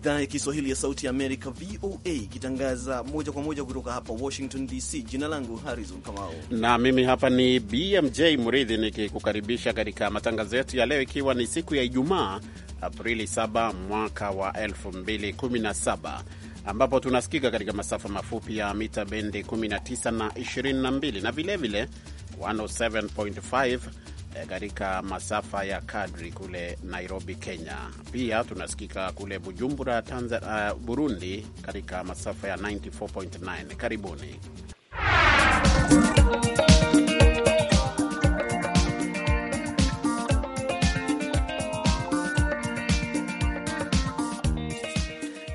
idhaa ya Kiswahili ya Sauti ya Amerika, VOA, ikitangaza moja kwa moja kutoka hapa Washington DC. Jina langu Harrison Kamau na mimi hapa ni BMJ Mridhi nikikukaribisha katika matangazo yetu ya leo, ikiwa ni siku ya Ijumaa Aprili 7 mwaka wa 2017 ambapo tunasikika katika masafa mafupi ya mita bendi 19 na 22 na vilevile 107.5 Eh, katika masafa ya kadri kule Nairobi, Kenya. Pia tunasikika kule Bujumbura, Tanzania, uh, eh, Burundi, katika masafa ya 94.9. Karibuni.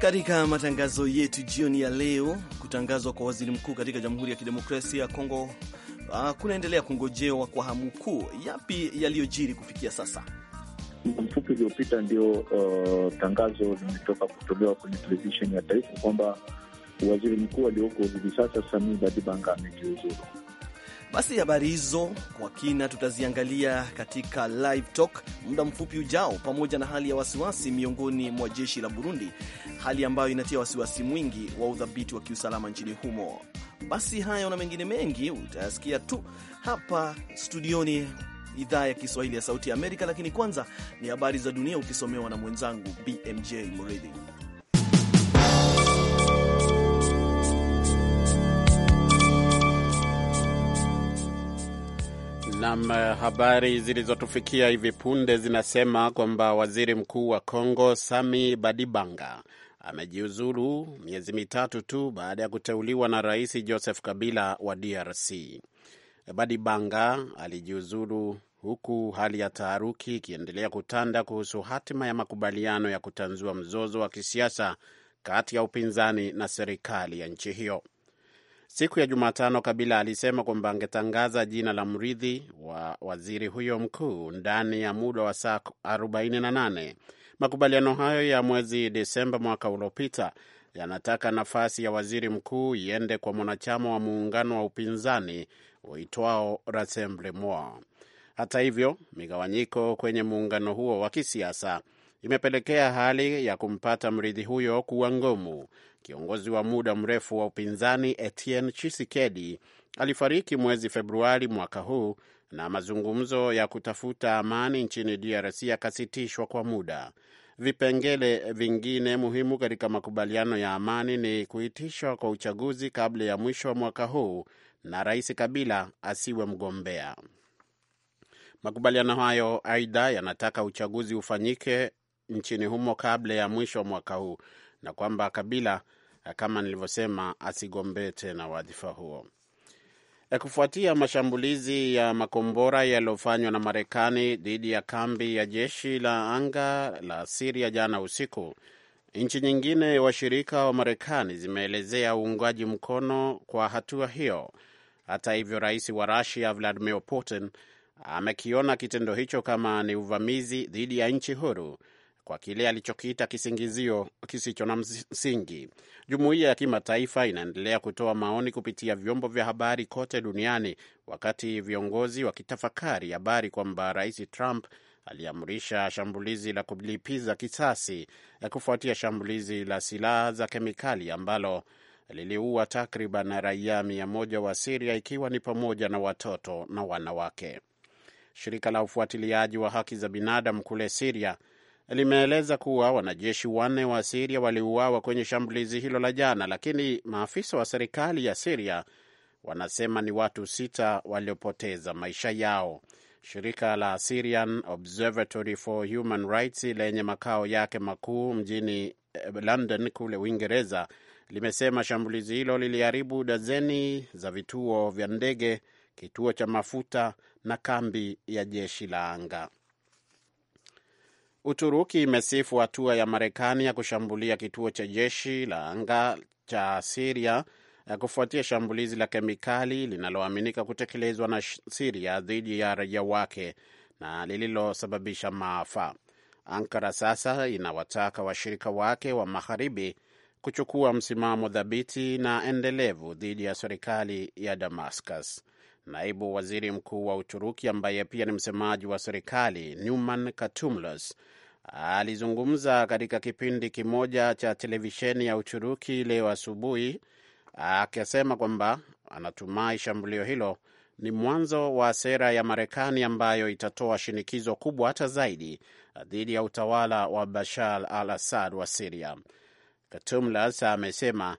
Katika matangazo yetu jioni ya leo, kutangazwa kwa waziri mkuu katika Jamhuri ya Kidemokrasia ya Kongo uh, kunaendelea kungojewa kwa hamu kuu. Yapi yaliyojiri kufikia sasa? mfupi uliopita ndio uh, tangazo limetoka kutolewa kwenye televisheni ya taifa kwamba waziri mkuu alioko hivi sasa samii Badibanga amejiuzuru. Basi habari hizo kwa kina tutaziangalia katika live talk muda mfupi ujao, pamoja na hali ya wasiwasi miongoni mwa jeshi la Burundi, hali ambayo inatia wasiwasi mwingi wa udhabiti wa kiusalama nchini humo. Basi hayo na mengine mengi utayasikia tu hapa studioni idhaa ya Kiswahili ya Sauti ya Amerika, lakini kwanza ni habari za dunia ukisomewa na mwenzangu BMJ mridhi Nam, habari zilizotufikia hivi punde zinasema kwamba waziri mkuu wa Kongo Sami Badibanga amejiuzulu miezi mitatu tu baada ya kuteuliwa na Rais Joseph Kabila wa DRC. Badibanga alijiuzulu huku hali ya taharuki ikiendelea kutanda kuhusu hatima ya makubaliano ya kutanzua mzozo wa kisiasa kati ya upinzani na serikali ya nchi hiyo. Siku ya Jumatano, Kabila alisema kwamba angetangaza jina la mrithi wa waziri huyo mkuu ndani ya muda wa saa 48. Makubaliano hayo ya mwezi Desemba mwaka uliopita yanataka nafasi ya waziri mkuu iende kwa mwanachama wa muungano wa upinzani uitwao Rassemblement. Hata hivyo, migawanyiko kwenye muungano huo wa kisiasa imepelekea hali ya kumpata mrithi huyo kuwa ngumu kiongozi wa muda mrefu wa upinzani Etienne Chisekedi alifariki mwezi Februari mwaka huu na mazungumzo ya kutafuta amani nchini DRC yakasitishwa kwa muda. Vipengele vingine muhimu katika makubaliano ya amani ni kuitishwa kwa uchaguzi kabla ya mwisho wa mwaka huu na Rais Kabila asiwe mgombea. Makubaliano hayo aidha, yanataka uchaguzi ufanyike nchini humo kabla ya mwisho wa mwaka huu na kwamba Kabila kama nilivyosema, asigombee tena wadhifa huo. E, kufuatia mashambulizi ya makombora yaliyofanywa na Marekani dhidi ya kambi ya jeshi la anga la Siria jana usiku, nchi nyingine washirika wa Marekani zimeelezea uungaji mkono kwa hatua hiyo. Hata hivyo, rais wa Rusia Vladimir Putin amekiona kitendo hicho kama ni uvamizi dhidi ya nchi huru kwa kile alichokiita kisingizio kisicho na msingi. Jumuiya ya kimataifa inaendelea kutoa maoni kupitia vyombo vya habari kote duniani, wakati viongozi wakitafakari habari kwamba Rais Trump aliamrisha shambulizi la kulipiza kisasi ya eh, kufuatia shambulizi la silaha za kemikali ambalo liliua takriban raia mia moja wa Siria ikiwa ni pamoja na watoto na wanawake. Shirika la ufuatiliaji wa haki za binadamu kule Siria limeeleza kuwa wanajeshi wanne wa Siria waliuawa kwenye shambulizi hilo la jana, lakini maafisa wa serikali ya Siria wanasema ni watu sita waliopoteza maisha yao. Shirika la Syrian Observatory for Human Rights lenye makao yake makuu mjini eh, London kule Uingereza limesema shambulizi hilo liliharibu dazeni za vituo vya ndege, kituo cha mafuta na kambi ya jeshi la anga. Uturuki imesifu hatua ya Marekani ya kushambulia kituo cha jeshi la anga cha Siria eh, kufuatia shambulizi la kemikali linaloaminika kutekelezwa na Siria dhidi ya raia wake na lililosababisha maafa. Ankara sasa inawataka washirika wake wa magharibi kuchukua msimamo thabiti na endelevu dhidi ya serikali ya Damascus naibu waziri mkuu wa Uturuki ambaye pia ni msemaji wa serikali newman Katumlos alizungumza katika kipindi kimoja cha televisheni ya Uturuki leo asubuhi akisema kwamba anatumai shambulio hilo ni mwanzo wa sera ya Marekani ambayo itatoa shinikizo kubwa hata zaidi dhidi ya utawala wa Bashar al Assad wa Siria. Katumlas amesema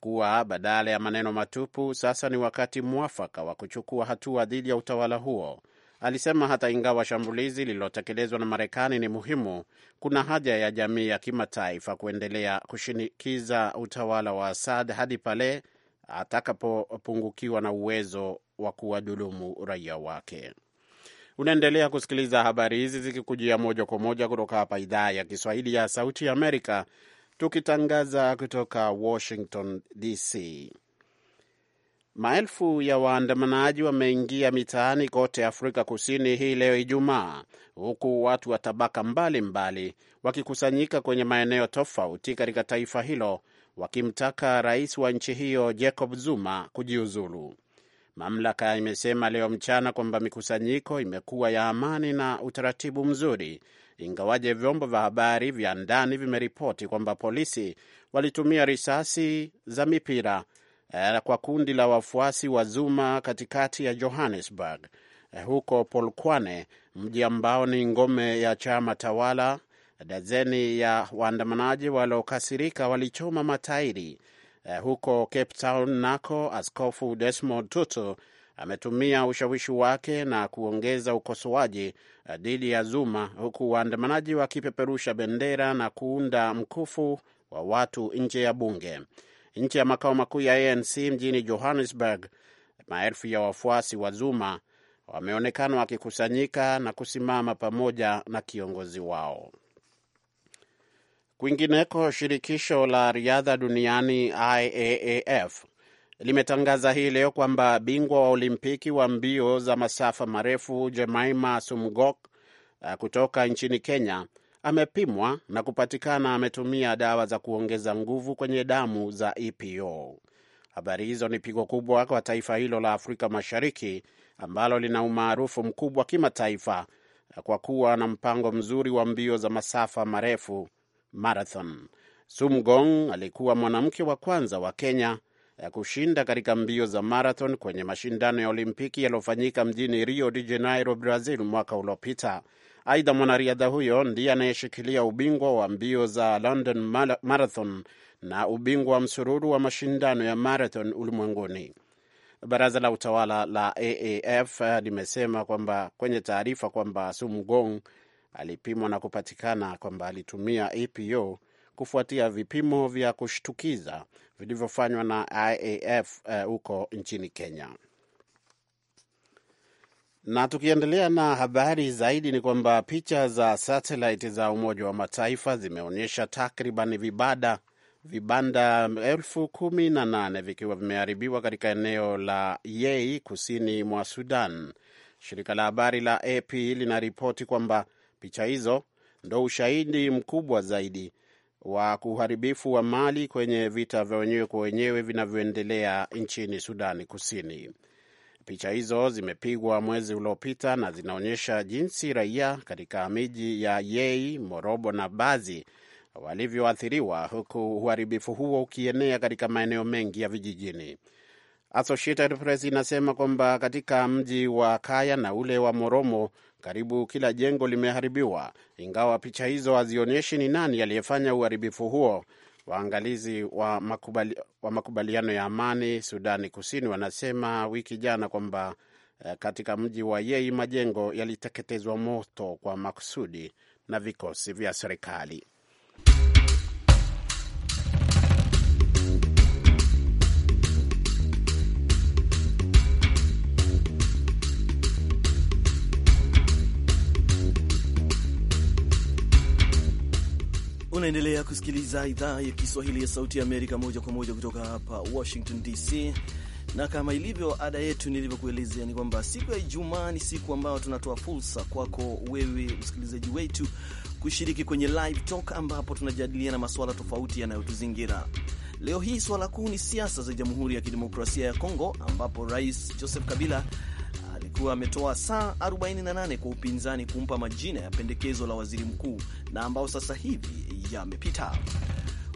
kuwa badala ya maneno matupu, sasa ni wakati mwafaka wa kuchukua hatua dhidi ya utawala huo. Alisema hata ingawa shambulizi lililotekelezwa na Marekani ni muhimu, kuna haja ya jamii ya kimataifa kuendelea kushinikiza utawala wa Assad hadi pale atakapopungukiwa na uwezo wa kuwadhulumu raia wake. Unaendelea kusikiliza habari hizi zikikujia moja kwa moja kutoka hapa idhaa ya Kiswahili ya Sauti ya Amerika, tukitangaza kutoka Washington DC. Maelfu ya waandamanaji wameingia mitaani kote Afrika Kusini hii leo Ijumaa, huku watu wa tabaka mbalimbali wakikusanyika kwenye maeneo tofauti katika taifa hilo wakimtaka rais wa nchi hiyo Jacob Zuma kujiuzulu. Mamlaka imesema leo mchana kwamba mikusanyiko imekuwa ya amani na utaratibu mzuri ingawaje vyombo vya habari vya ndani vimeripoti kwamba polisi walitumia risasi za mipira eh, kwa kundi la wafuasi wa Zuma katikati ya Johannesburg eh, huko Polokwane, mji ambao ni ngome ya chama tawala. Dazeni ya waandamanaji waliokasirika walichoma matairi eh, huko Cape Town nako Askofu Desmond Tutu ametumia ushawishi wake na kuongeza ukosoaji uh, dhidi ya Zuma, huku waandamanaji wakipeperusha bendera na kuunda mkufu wa watu nje ya bunge. Nje ya makao makuu ya ANC mjini Johannesburg, maelfu ya wafuasi wa Zuma wameonekana wakikusanyika na kusimama pamoja na kiongozi wao. Kwingineko, shirikisho la riadha duniani IAAF limetangaza hii leo kwamba bingwa wa Olimpiki wa mbio za masafa marefu Jemaima Sumgok uh, kutoka nchini Kenya amepimwa na kupatikana ametumia dawa za kuongeza nguvu kwenye damu za EPO. Habari hizo ni pigo kubwa kwa taifa hilo la Afrika Mashariki ambalo lina umaarufu mkubwa kimataifa uh, kwa kuwa na mpango mzuri wa mbio za masafa marefu marathon. Sumgong alikuwa mwanamke wa kwanza wa Kenya Eh, kushinda katika mbio za marathon kwenye mashindano ya Olimpiki yaliyofanyika mjini Rio de Janeiro, Brazil mwaka uliopita. Aidha, mwanariadha huyo ndiye anayeshikilia ubingwa wa mbio za London Marathon na ubingwa wa msururu wa mashindano ya marathon ulimwenguni. Baraza la utawala la AAF eh, limesema kwamba kwenye taarifa kwamba Sumgong alipimwa na kupatikana kwamba alitumia APO kufuatia vipimo vya kushtukiza vilivyofanywa na IAF eh, huko uh, nchini Kenya. Na tukiendelea na habari zaidi ni kwamba picha za satellite za Umoja wa Mataifa zimeonyesha takriban vibada vibanda elfu kumi na nane vikiwa vimeharibiwa katika eneo la Yei kusini mwa Sudan. Shirika la habari la AP linaripoti kwamba picha hizo ndo ushahidi mkubwa zaidi wa uharibifu wa mali kwenye vita vya wenyewe kwa wenyewe vinavyoendelea nchini Sudani Kusini. Picha hizo zimepigwa mwezi uliopita na zinaonyesha jinsi raia katika miji ya Yei, Morobo na Bazi walivyoathiriwa, huku uharibifu huo ukienea katika maeneo mengi ya vijijini. Associated Press inasema kwamba katika mji wa Kaya na ule wa Moromo karibu kila jengo limeharibiwa, ingawa picha hizo hazionyeshi ni nani aliyefanya uharibifu huo. Waangalizi wa, makubali, wa makubaliano ya amani Sudani Kusini wanasema wiki jana kwamba eh, katika mji wa Yei majengo yaliteketezwa moto kwa makusudi na vikosi vya serikali. Unaendelea kusikiliza idhaa ya Kiswahili ya Sauti ya Amerika moja kwa moja kutoka hapa Washington DC, na kama ilivyo ada yetu, nilivyokuelezea ni kwamba siku ya Ijumaa ni siku ambayo tunatoa fursa kwako wewe msikilizaji wetu kushiriki kwenye live talk, ambapo tunajadiliana masuala tofauti yanayotuzingira. Leo hii swala kuu ni siasa za Jamhuri ya Kidemokrasia ya Kongo, ambapo Rais Joseph Kabila alikuwa ametoa saa 48 kwa upinzani kumpa majina ya pendekezo la waziri mkuu na ambao sasa hivi yamepita.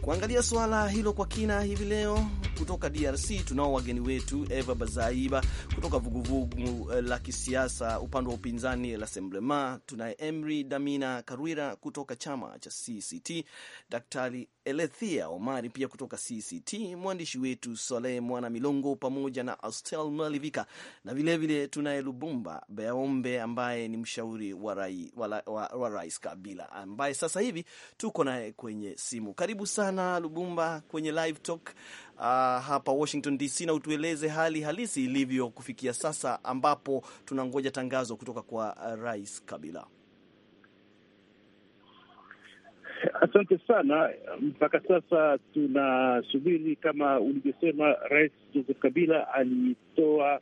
Kuangalia suala hilo kwa kina hivi leo kutoka DRC tunao wageni wetu Eva Bazaiba kutoka vuguvugu eh, la kisiasa upande wa upinzani la Semblema. Tunaye Emri Damina Karwira kutoka chama cha CCT, Daktari Elethia Omari pia kutoka CCT, mwandishi wetu Soleh Mwana Milongo pamoja na Astel Malivika na vilevile tunaye Lubumba Beaombe ambaye ni mshauri wa, rai, wa, wa, wa Rais Kabila ambaye sasa hivi tuko naye kwenye simu. Karibu sana Lubumba kwenye Live Talk uh, hapa Washington DC, na utueleze hali halisi ilivyo kufikia sasa ambapo tunangoja tangazo kutoka kwa Rais Kabila. Asante sana. Mpaka sasa tunasubiri kama ulivyosema, Rais Joseph Kabila alitoa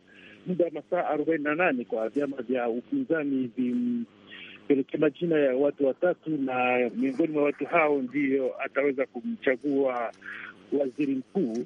muda masaa arobaini na nane kwa vyama vya upinzani vimpelekea majina ya watu watatu, na miongoni mwa watu hao ndiyo ataweza kumchagua waziri mkuu.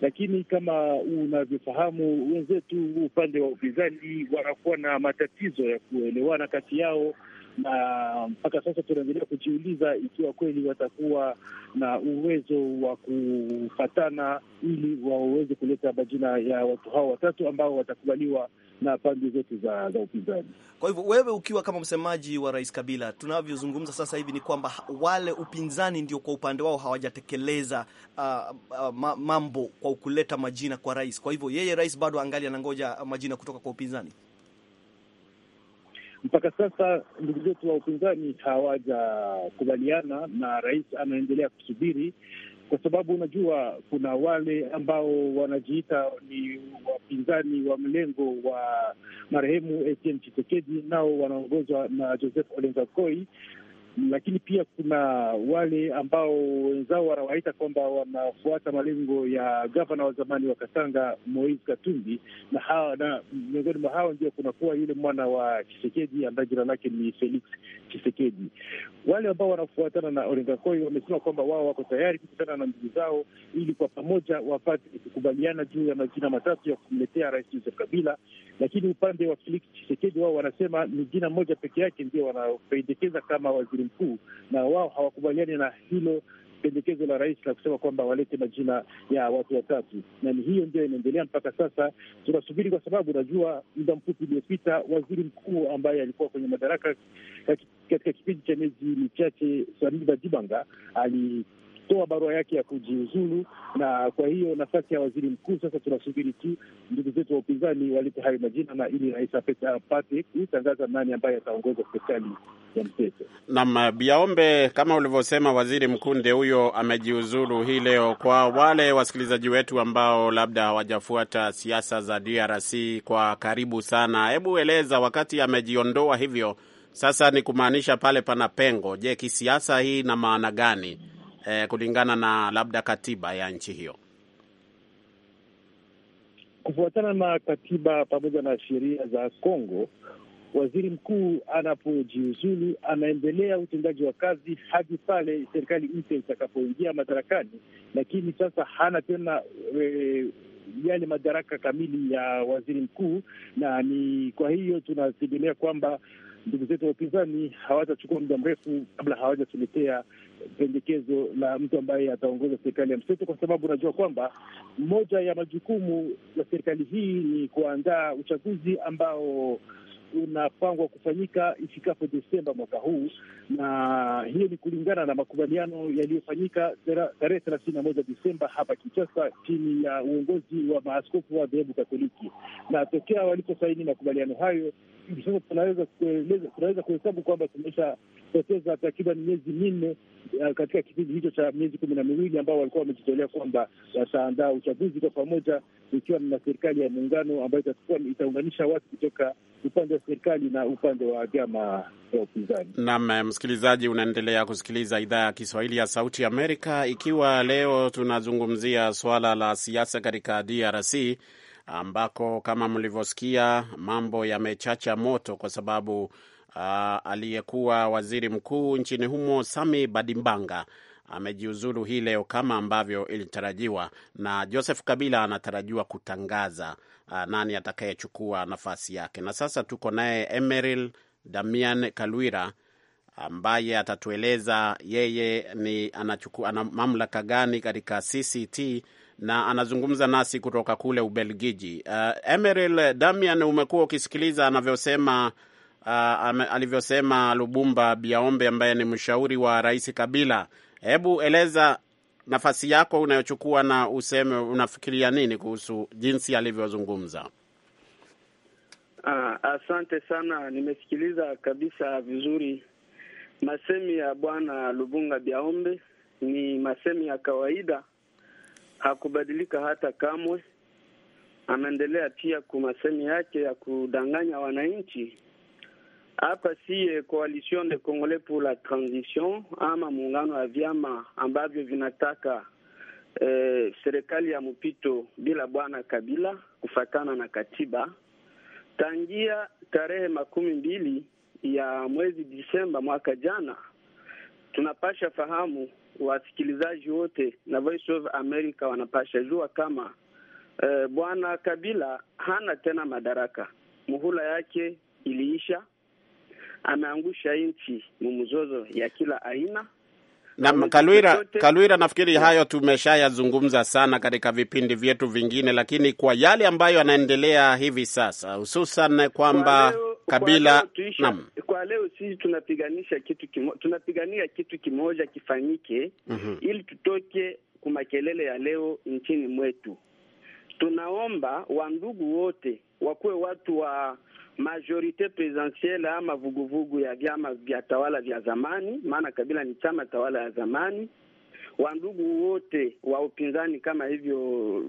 Lakini kama unavyofahamu, wenzetu upande wa upinzani wanakuwa na matatizo ya kuelewana kati yao na mpaka sasa tunaendelea kujiuliza ikiwa kweli watakuwa na uwezo wa kufatana ili waweze kuleta majina ya watu hao watatu ambao watakubaliwa na pande zote za, za upinzani. Kwa hivyo wewe ukiwa kama msemaji wa Rais Kabila, tunavyozungumza sasa hivi ni kwamba wale upinzani ndio kwa upande wao hawajatekeleza uh, uh, mambo kwa kuleta majina kwa rais. Kwa hivyo yeye rais bado angali anangoja majina kutoka kwa upinzani. Mpaka sasa ndugu zetu wa upinzani hawajakubaliana na rais, anaendelea kusubiri kwa sababu unajua kuna wale ambao wanajiita ni wapinzani wa mlengo wa marehemu Etienne Chisekedi, nao wanaongozwa na Joseph Olenga lakini pia kuna wale ambao wenzao wanawaita kwamba wanafuata malengo ya gavana wa zamani wa Katanga Moise Katumbi, na hawa na miongoni mwa hao ndio kunakuwa yule mwana wa Chisekedi ambaye jina lake ni Felix Chisekedi. Wale ambao wanafuatana na Olengakoi wamesema kwamba wao wako tayari kukutana na ndugu zao ili kwa pamoja wapate kukubaliana juu ya majina matatu ya kumletea Rais Joseph Kabila, lakini upande wa Felix Chisekedi wao wanasema ni jina moja peke yake ndio wanapendekeza kama waziri mkuu, na wao hawakubaliani na hilo pendekezo la rais la kusema kwamba walete majina ya watu watatu, na ni hiyo ndio inaendelea mpaka sasa. Tunasubiri kwa sababu unajua muda mfupi uliopita waziri mkuu ambaye alikuwa kwenye madaraka katika kipindi cha miezi michache, Samiba Jibanga ali kutoa barua yake ya kujiuzulu, na kwa hiyo nafasi ya waziri mkuu sasa tunasubiri tu ndugu zetu wa upinzani walipe hayo majina, na ili rais apate kutangaza nani ambaye ataongoza serikali ya mseto. Naam, Biaombe, kama ulivyosema, waziri mkuu nde huyo amejiuzulu hii leo. Kwa wale wasikilizaji wetu ambao labda hawajafuata siasa za DRC kwa karibu sana, hebu eleza, wakati amejiondoa hivyo sasa ni kumaanisha pale pana pengo. Je, kisiasa hii ina maana gani? eh, kulingana na labda katiba ya nchi hiyo? Kufuatana na katiba pamoja na sheria za Kongo, waziri mkuu anapojiuzulu anaendelea utendaji wa kazi hadi pale serikali mpya itakapoingia madarakani, lakini sasa hana tena e, yale madaraka kamili ya waziri mkuu, na ni kwa hiyo tunategemea kwamba ndugu zetu wa upinzani hawatachukua muda mrefu kabla hawajatuletea pendekezo la mtu ambaye ataongoza serikali ya mseto, kwa sababu unajua kwamba moja ya majukumu ya serikali hii ni kuandaa uchaguzi ambao unapangwa kufanyika ifikapo Desemba mwaka huu, na hiyo ni kulingana na makubaliano yaliyofanyika tarehe thelathini na moja Desemba hapa Kinshasa, chini ya uongozi wa maaskofu wa dhehebu Katoliki. Na tokea waliposaini makubaliano hayo, hivi sasa tunaweza kueleza, tunaweza kuhesabu kwamba tumeshapoteza takriban miezi minne uh, katika kipindi hicho cha miezi kumi na miwili ambao walikuwa wamejitolea kwamba uh, wataandaa uchaguzi kwa pamoja, ikiwa na serikali ya muungano ambayo itaunganisha watu kutoka upande wa serikali na upande wa vyama vya upinzani. Naam, eh, msikilizaji, unaendelea kusikiliza idhaa ya Kiswahili ya Sauti Amerika, ikiwa leo tunazungumzia swala la siasa katika DRC ambako kama mlivyosikia mambo yamechacha moto kwa sababu uh, aliyekuwa waziri mkuu nchini humo Sami badimbanga amejiuzulu hii leo kama ambavyo ilitarajiwa, na Joseph Kabila anatarajiwa kutangaza uh, nani atakayechukua nafasi yake. Na sasa tuko naye Emeril Damian Kalwira ambaye atatueleza yeye ni anachukua ana mamlaka gani katika CCT na anazungumza nasi kutoka kule Ubelgiji. Uh, Emeril Damian, umekuwa ukisikiliza anavyosema uh, alivyosema Lubumba Biaombe ambaye ni mshauri wa Rais Kabila. Hebu eleza nafasi yako unayochukua na useme unafikiria nini kuhusu jinsi alivyozungumza. Ah, asante sana, nimesikiliza kabisa vizuri masemi ya bwana Lubunga Biaombe. Ni masemi ya kawaida hakubadilika hata kamwe. Ameendelea pia kumasemi yake ya kudanganya wananchi. Hapa siye Coalition de Congolais pour la Transition ama muungano wa vyama ambavyo vinataka eh, serikali ya mpito bila bwana Kabila kufatana na katiba tangia tarehe makumi mbili ya mwezi Disemba mwaka jana tunapasha fahamu wasikilizaji wote na Voice of America wanapasha jua kama eh, bwana Kabila hana tena madaraka, muhula yake iliisha, ameangusha nchi mumzozo ya kila aina. Na Kalwira, Kalwira, nafikiri hayo tumeshayazungumza sana katika vipindi vyetu vingine, lakini kwa yale ambayo yanaendelea hivi sasa, hususan kwamba kwa kabila nam. Kwa leo sisi tunapiganisha kitu kimo, tunapigania kitu kimoja kifanyike, mm -hmm. ili tutoke kumakelele ya leo nchini mwetu. Tunaomba wandugu wote wakuwe watu wa majorite presidentielle ama vuguvugu ya vyama vya tawala vya zamani, maana kabila ni chama tawala ya zamani. Wandugu wote wa upinzani kama hivyo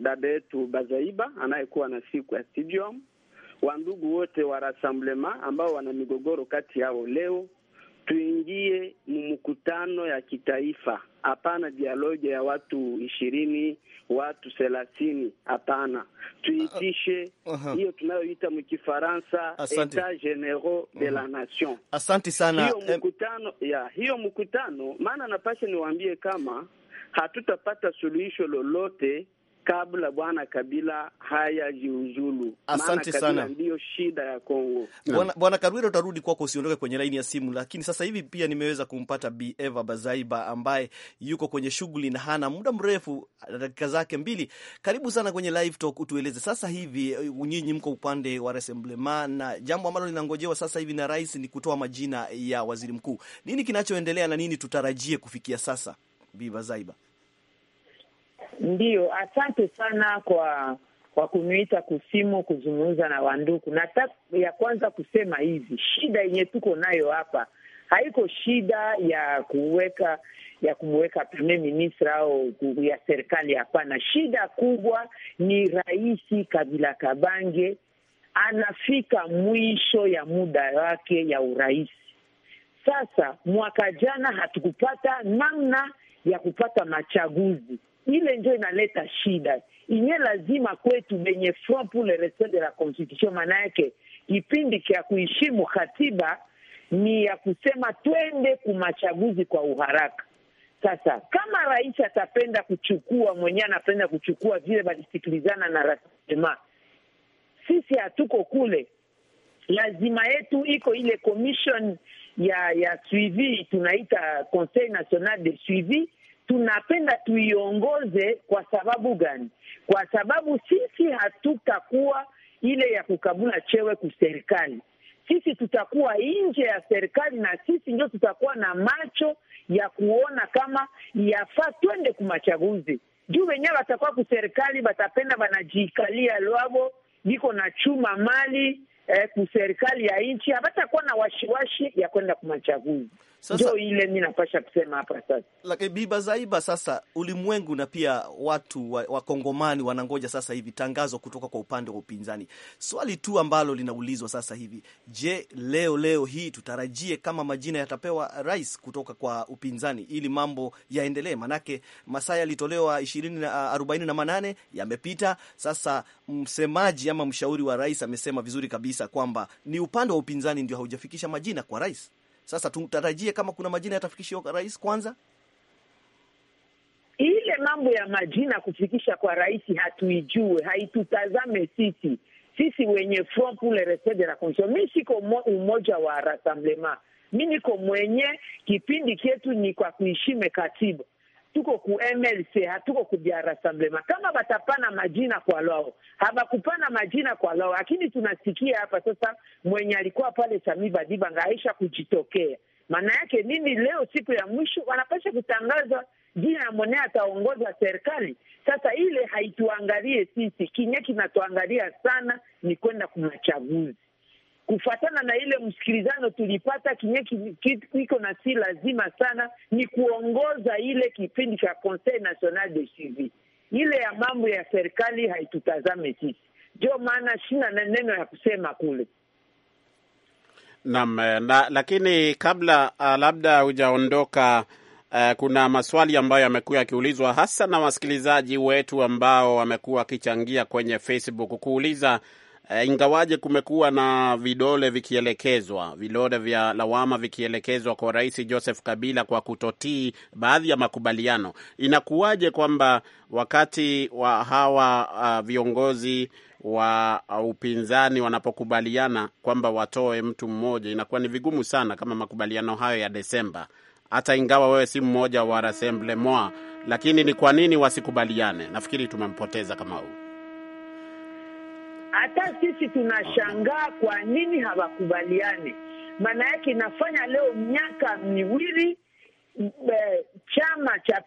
dada yetu Bazaiba anayekuwa na siku ya stadium wandugu wote wa Rassemblement ambao wana migogoro kati yao, leo tuingie mu mkutano ya kitaifa. Hapana dialoge ya watu ishirini watu thelathini. Hapana, tuitishe ah, ah. hiyo uh -huh. tunayoita mkifaransa etat generaux de uh -huh. la mm-hmm. nation. Asante sana hiyo eh, mkutano eh... ya hiyo mkutano, maana napasha niwaambie kama hatutapata suluhisho lolote kabla Bwana Kabila hayajiuzulu. Asante sana, ndiyo shida ya Kongo. Bwana, Bwana Karwira, utarudi kwako, usiondoke kwenye laini ya simu. Lakini sasa hivi pia nimeweza kumpata Bi Eva Bazaiba ambaye yuko kwenye shughuli na hana muda mrefu, dakika zake mbili. Karibu sana kwenye live talk, utueleze sasa hivi, eh, nyinyi mko upande wa Rassemblement na jambo ambalo linangojewa sasa hivi na rais ni kutoa majina ya waziri mkuu. Nini kinachoendelea na nini tutarajie kufikia sasa, Bi Bazaiba? Ndiyo, asante sana kwa kwa kuniita kusimu kuzungumza na wanduku. Nataka ya kwanza kusema hivi, shida yenye tuko nayo hapa haiko shida ya kuweka ya kumweka premier ministre au ya serikali, hapana. Shida kubwa ni Rais Kabila Kabange anafika mwisho ya muda wake ya urais. Sasa mwaka jana hatukupata namna ya kupata machaguzi ile njo inaleta shida inye lazima kwetu benye front le respect de la constitution, maana yake kipindi cha kuheshimu katiba ni ya kusema twende kumachaguzi kwa uharaka. Sasa kama rais atapenda kuchukua mwenyewe, anapenda kuchukua vile valisikilizana na rasema, sisi hatuko kule. Lazima yetu iko ile commission ya ya suivi, tunaita Conseil National de Suivi tunapenda tuiongoze. Kwa sababu gani? Kwa sababu sisi hatutakuwa ile ya kukabula chewe kuserikali. Sisi tutakuwa nje ya serikali, na sisi ndio tutakuwa na macho ya kuona kama yafaa twende kumachaguzi juu wenyewe watakuwa kuserikali, batapenda banajiikalia lwavo viko na chuma mali eh, kuserikali ya nchi, havatakuwa na washiwashi ya kwenda kumachaguzi. Sasa ndio ile mimi napasha kusema hapa sasa, lakini Biba Zaiba, sasa ulimwengu na pia watu wakongomani wa wanangoja sasa hivi tangazo kutoka kwa upande wa upinzani. Swali tu ambalo linaulizwa sasa hivi, je, leo leo hii tutarajie kama majina yatapewa rais kutoka kwa upinzani ili mambo yaendelee? Manake masaa yalitolewa ishirini na arobaini na manane yamepita sasa. Msemaji ama mshauri wa rais amesema vizuri kabisa kwamba ni upande wa upinzani ndio haujafikisha majina kwa rais. Sasa tutarajie kama kuna majina yatafikishiwa kwa rais kwanza. Ile mambo ya majina kufikisha kwa rais hatuijue, haitutazame sisi sisi wenye Front de la Mi siko umoja wa rassemblement, mi niko mwenye kipindi chetu ni kwa kuheshime katiba tuko ku MLC, hatuko ku biarasamblema. Kama batapana majina kwa lao, habakupana majina kwa lao, lakini tunasikia hapa sasa mwenye alikuwa pale Sami Badibanga aisha kujitokea. Maana yake nini? Leo siku ya mwisho wanapasha kutangaza jina ya mwenye ataongoza serikali. Sasa ile haituangalie sisi, kinye kinatuangalia sana ni kwenda kumachaguzi kufuatana na ile msikilizano tulipata kinye kiko na si lazima sana ni kuongoza ile kipindi cha Conseil National de Suivi. Ile ya mambo ya serikali haitutazame sisi, ndio maana shina na neno ya kusema kule nam eh, na, lakini kabla uh, labda hujaondoka uh, kuna maswali ambayo yamekuwa yakiulizwa hasa na wasikilizaji wetu ambao wamekuwa wakichangia kwenye Facebook kuuliza e, ingawaje kumekuwa na vidole vikielekezwa, vidole vya lawama vikielekezwa kwa Rais Joseph Kabila kwa kutotii baadhi ya makubaliano, inakuwaje kwamba wakati wa hawa uh, viongozi wa upinzani wanapokubaliana kwamba watoe mtu mmoja, inakuwa ni vigumu sana kama makubaliano hayo ya Desemba, hata ingawa wewe si mmoja wa Rassemblement, lakini ni kwa nini wasikubaliane? Nafikiri tumempoteza kama huu hata sisi tunashangaa kwa nini hawakubaliani. Maana yake inafanya leo miaka miwili eh, chama cha,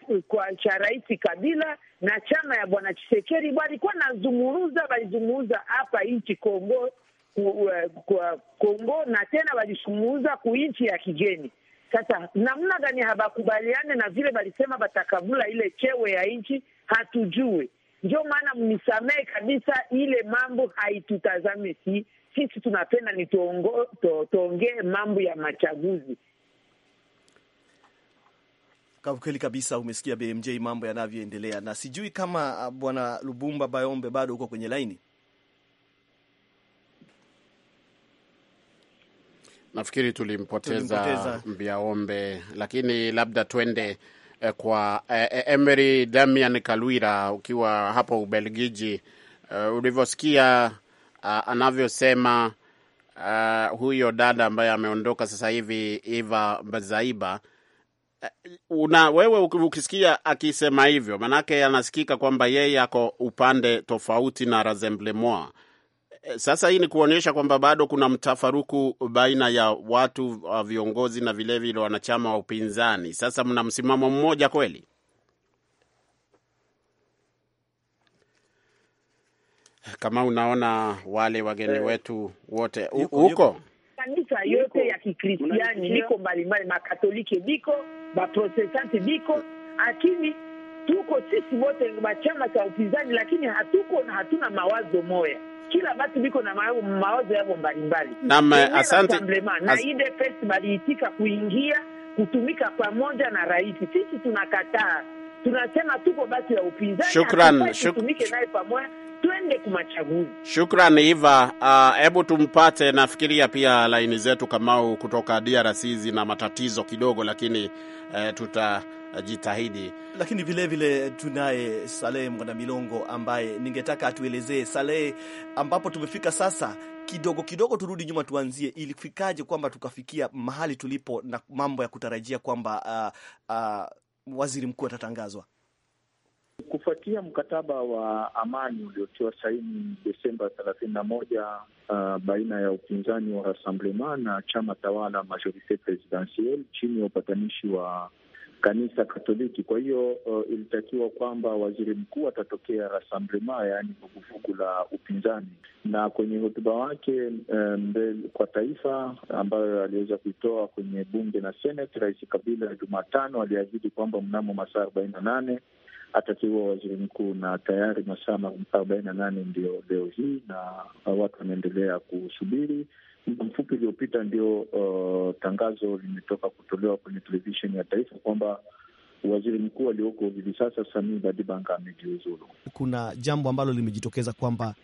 cha Rais Kabila na chama ya Bwana Chisekeri walikuwa nazungumuza, walizungumuza hapa nchi Kongo eh, kwa Kongo na tena walizungumuza nchi ya kigeni. Sasa namna gani hawakubaliane na vile walisema watakavula ile chewe ya nchi, hatujui. Ndio maana mnisamehe kabisa, ile mambo haitutazame, si sisi tunapenda ni tuongee to, mambo ya machaguzi. Kwa kweli kabisa, umesikia BMJ mambo yanavyoendelea, na sijui kama ah, bwana Lubumba Bayombe bado uko kwenye laini. Nafikiri tulimpoteza, tulimpoteza Biaombe, lakini labda twende Eh, kwa eh, eh, Emery Damian Kalwira, ukiwa hapo Ubelgiji, uh, ulivyosikia uh, anavyosema uh, huyo dada ambaye ameondoka sasa hivi Eva Bazaiba una wewe ukisikia akisema hivyo, manake anasikika kwamba yeye ako upande tofauti na Rassemblement sasa hii ni kuonyesha kwamba bado kuna mtafaruku baina ya watu wa uh, viongozi na vilevile wanachama wa upinzani. Sasa mna msimamo mmoja kweli? Kama unaona wale wageni eh, wetu wote huko kanisa yote ya Kikristiani liko mbalimbali, Makatoliki biko, maprotestanti biko, lakini tuko sisi wote machama cha upinzani, lakini hatuko na hatuna mawazo moya kila basi biko na mawazo yao mbalimbali. Naam, asante na ile fest baliitika kuingia kutumika pamoja na rais. Sisi tunakataa, tunasema tuko basi ya upinzani, shukran, shuk... tutumike naye pamoja twende kumachaguzi. Shukran Iva. Ah, hebu uh, tumpate, nafikiria pia laini zetu Kamau kutoka DRC zina matatizo kidogo, lakini uh, tutajitahidi. Lakini vilevile tunaye Saleh Mwana Milongo ambaye ningetaka atuelezee Saleh, ambapo tumefika sasa kidogo kidogo turudi nyuma, tuanzie ilifikaje kwamba tukafikia mahali tulipo na mambo ya kutarajia kwamba uh, uh, waziri mkuu atatangazwa. Kufuatia mkataba wa amani uliotiwa saini Desemba thelathini na moja uh, baina ya upinzani wa Rassemblement na chama tawala Majorite Presidentielle chini ya upatanishi wa kanisa Katoliki. Kwa hiyo uh, ilitakiwa kwamba waziri mkuu atatokea Rassemblement, yaani vuguvugu la upinzani, na kwenye hotuba wake uh, mbele kwa taifa ambayo aliweza kuitoa kwenye bunge na Senate, Rais Kabila Jumatano aliahidi kwamba mnamo masaa arobaini na nane atateua waziri mkuu, na tayari masaa arobaini na nane ndio leo hii, na watu wanaendelea kusubiri. Muda mfupi uliopita ndio uh, tangazo limetoka kutolewa kwenye televisheni ya taifa kwamba waziri mkuu alioko hivi sasa Samii Badibanga amejiuzulu. Kuna jambo ambalo limejitokeza kwamba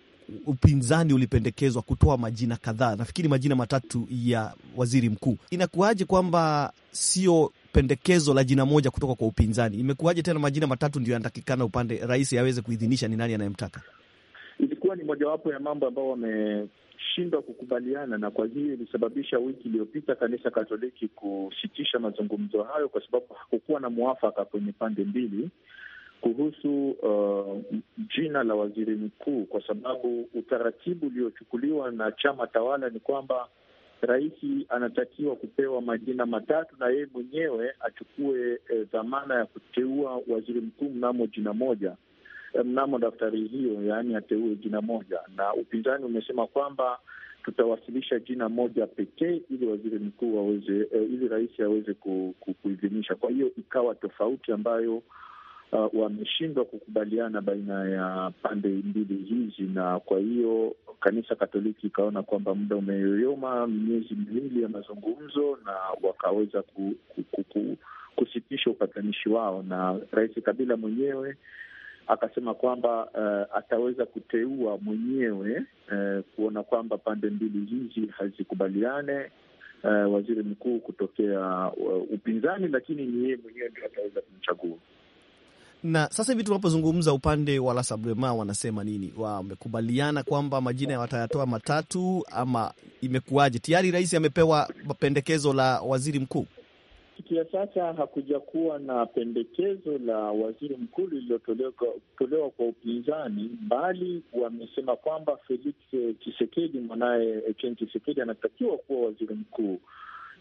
upinzani ulipendekezwa kutoa majina kadhaa, nafikiri majina matatu ya waziri mkuu. Inakuwaje kwamba sio pendekezo la jina moja kutoka kwa upinzani. Imekuwaje tena majina matatu ndio yanatakikana upande rais aweze kuidhinisha ni nani anayemtaka? Ilikuwa ni mojawapo ya mambo ambayo wameshindwa kukubaliana, na kwa hiyo ilisababisha wiki iliyopita kanisa Katoliki kusitisha mazungumzo hayo, kwa sababu hakukuwa na mwafaka kwenye pande mbili kuhusu uh, jina la waziri mkuu, kwa sababu utaratibu uliochukuliwa na chama tawala ni kwamba rais anatakiwa kupewa majina matatu na yeye mwenyewe achukue eh, dhamana e, ya kuteua waziri mkuu mnamo jina moja e, mnamo daftari hiyo, yaani ateue jina moja, na upinzani umesema kwamba tutawasilisha jina moja pekee ili waziri mkuu waweze e, ili rais aweze kuidhinisha. Kwa hiyo ikawa tofauti ambayo uh, wameshindwa kukubaliana baina ya pande mbili hizi, na kwa hiyo kanisa Katoliki ikaona kwamba muda umeyoyoma, miezi miwili ya mazungumzo, na wakaweza ku, ku, ku, ku, kusitisha upatanishi wao, na Rais Kabila mwenyewe akasema kwamba uh, ataweza kuteua mwenyewe uh, kuona kwamba pande mbili hizi hazikubaliane. Uh, waziri mkuu kutokea uh, upinzani, lakini ni yeye mwenyewe ndio ataweza kumchagua. Na sasa hivi tunapozungumza, upande wa Rassemblement wanasema nini? Wamekubaliana kwamba majina watayatoa matatu ama imekuwaje? Tayari rais amepewa pendekezo la waziri mkuu. Kufikia sasa hakuja kuwa na pendekezo la waziri mkuu lililotolewa kwa upinzani, bali wamesema kwamba Felix chisekedi mwanaye Etienne chisekedi anatakiwa kuwa waziri mkuu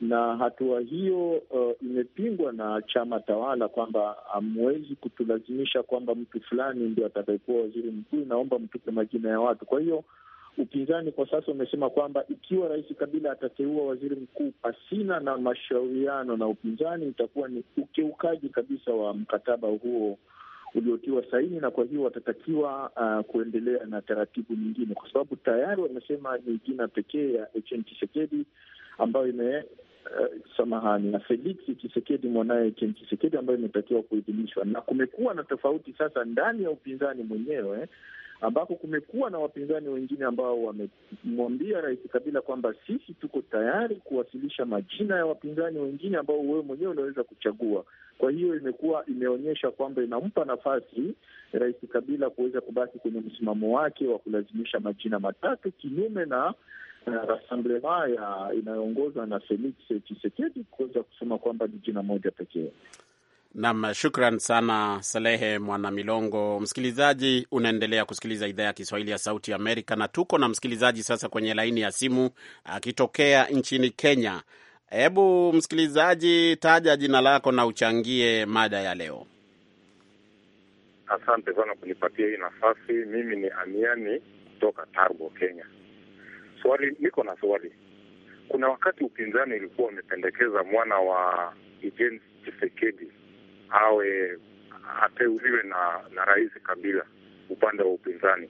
na hatua hiyo uh, imepingwa na chama tawala kwamba hamwezi kutulazimisha kwamba mtu fulani ndio atakayekuwa waziri mkuu, inaomba mtupe majina ya watu. Kwa hiyo upinzani kwa sasa umesema kwamba ikiwa Rais Kabila atateua waziri mkuu pasina na mashauriano na upinzani, itakuwa ni ukiukaji kabisa wa mkataba huo uliotiwa saini, na kwa hiyo watatakiwa uh, kuendelea na taratibu nyingine, kwa sababu tayari wamesema ni jina pekee ya Etienne Tshisekedi ambayo uh, samahani na Felix Chisekedi mwanaye Chen Chisekedi ambayo imetakiwa kuidhinishwa, na kumekuwa na tofauti sasa ndani ya upinzani mwenyewe eh, ambako kumekuwa na wapinzani wengine ambao wamemwambia Rais Kabila kwamba sisi tuko tayari kuwasilisha majina ya wapinzani wengine ambao wewe mwenyewe unaweza kuchagua. Kwa hiyo imekuwa imeonyesha kwamba inampa nafasi Rais Kabila kuweza kubaki kwenye msimamo wake wa kulazimisha majina matatu kinyume na Eh, rassemblement ya inayoongozwa na Felix Tshisekedi kuweza kusema kwamba ni jina moja pekee. Nam, shukran sana Salehe Mwanamilongo. Msikilizaji, unaendelea kusikiliza idhaa ya Kiswahili ya Sauti Amerika, na tuko na msikilizaji sasa kwenye laini ya simu akitokea nchini Kenya. Hebu msikilizaji, taja jina lako na uchangie mada ya leo. Asante sana kunipatia hii nafasi. Mimi ni Amiani kutoka Tarbo, Kenya swali, niko na swali. Kuna wakati upinzani ulikuwa umependekeza mwana wa Etienne Tshisekedi awe ateuliwe na na Rais Kabila upande wa upinzani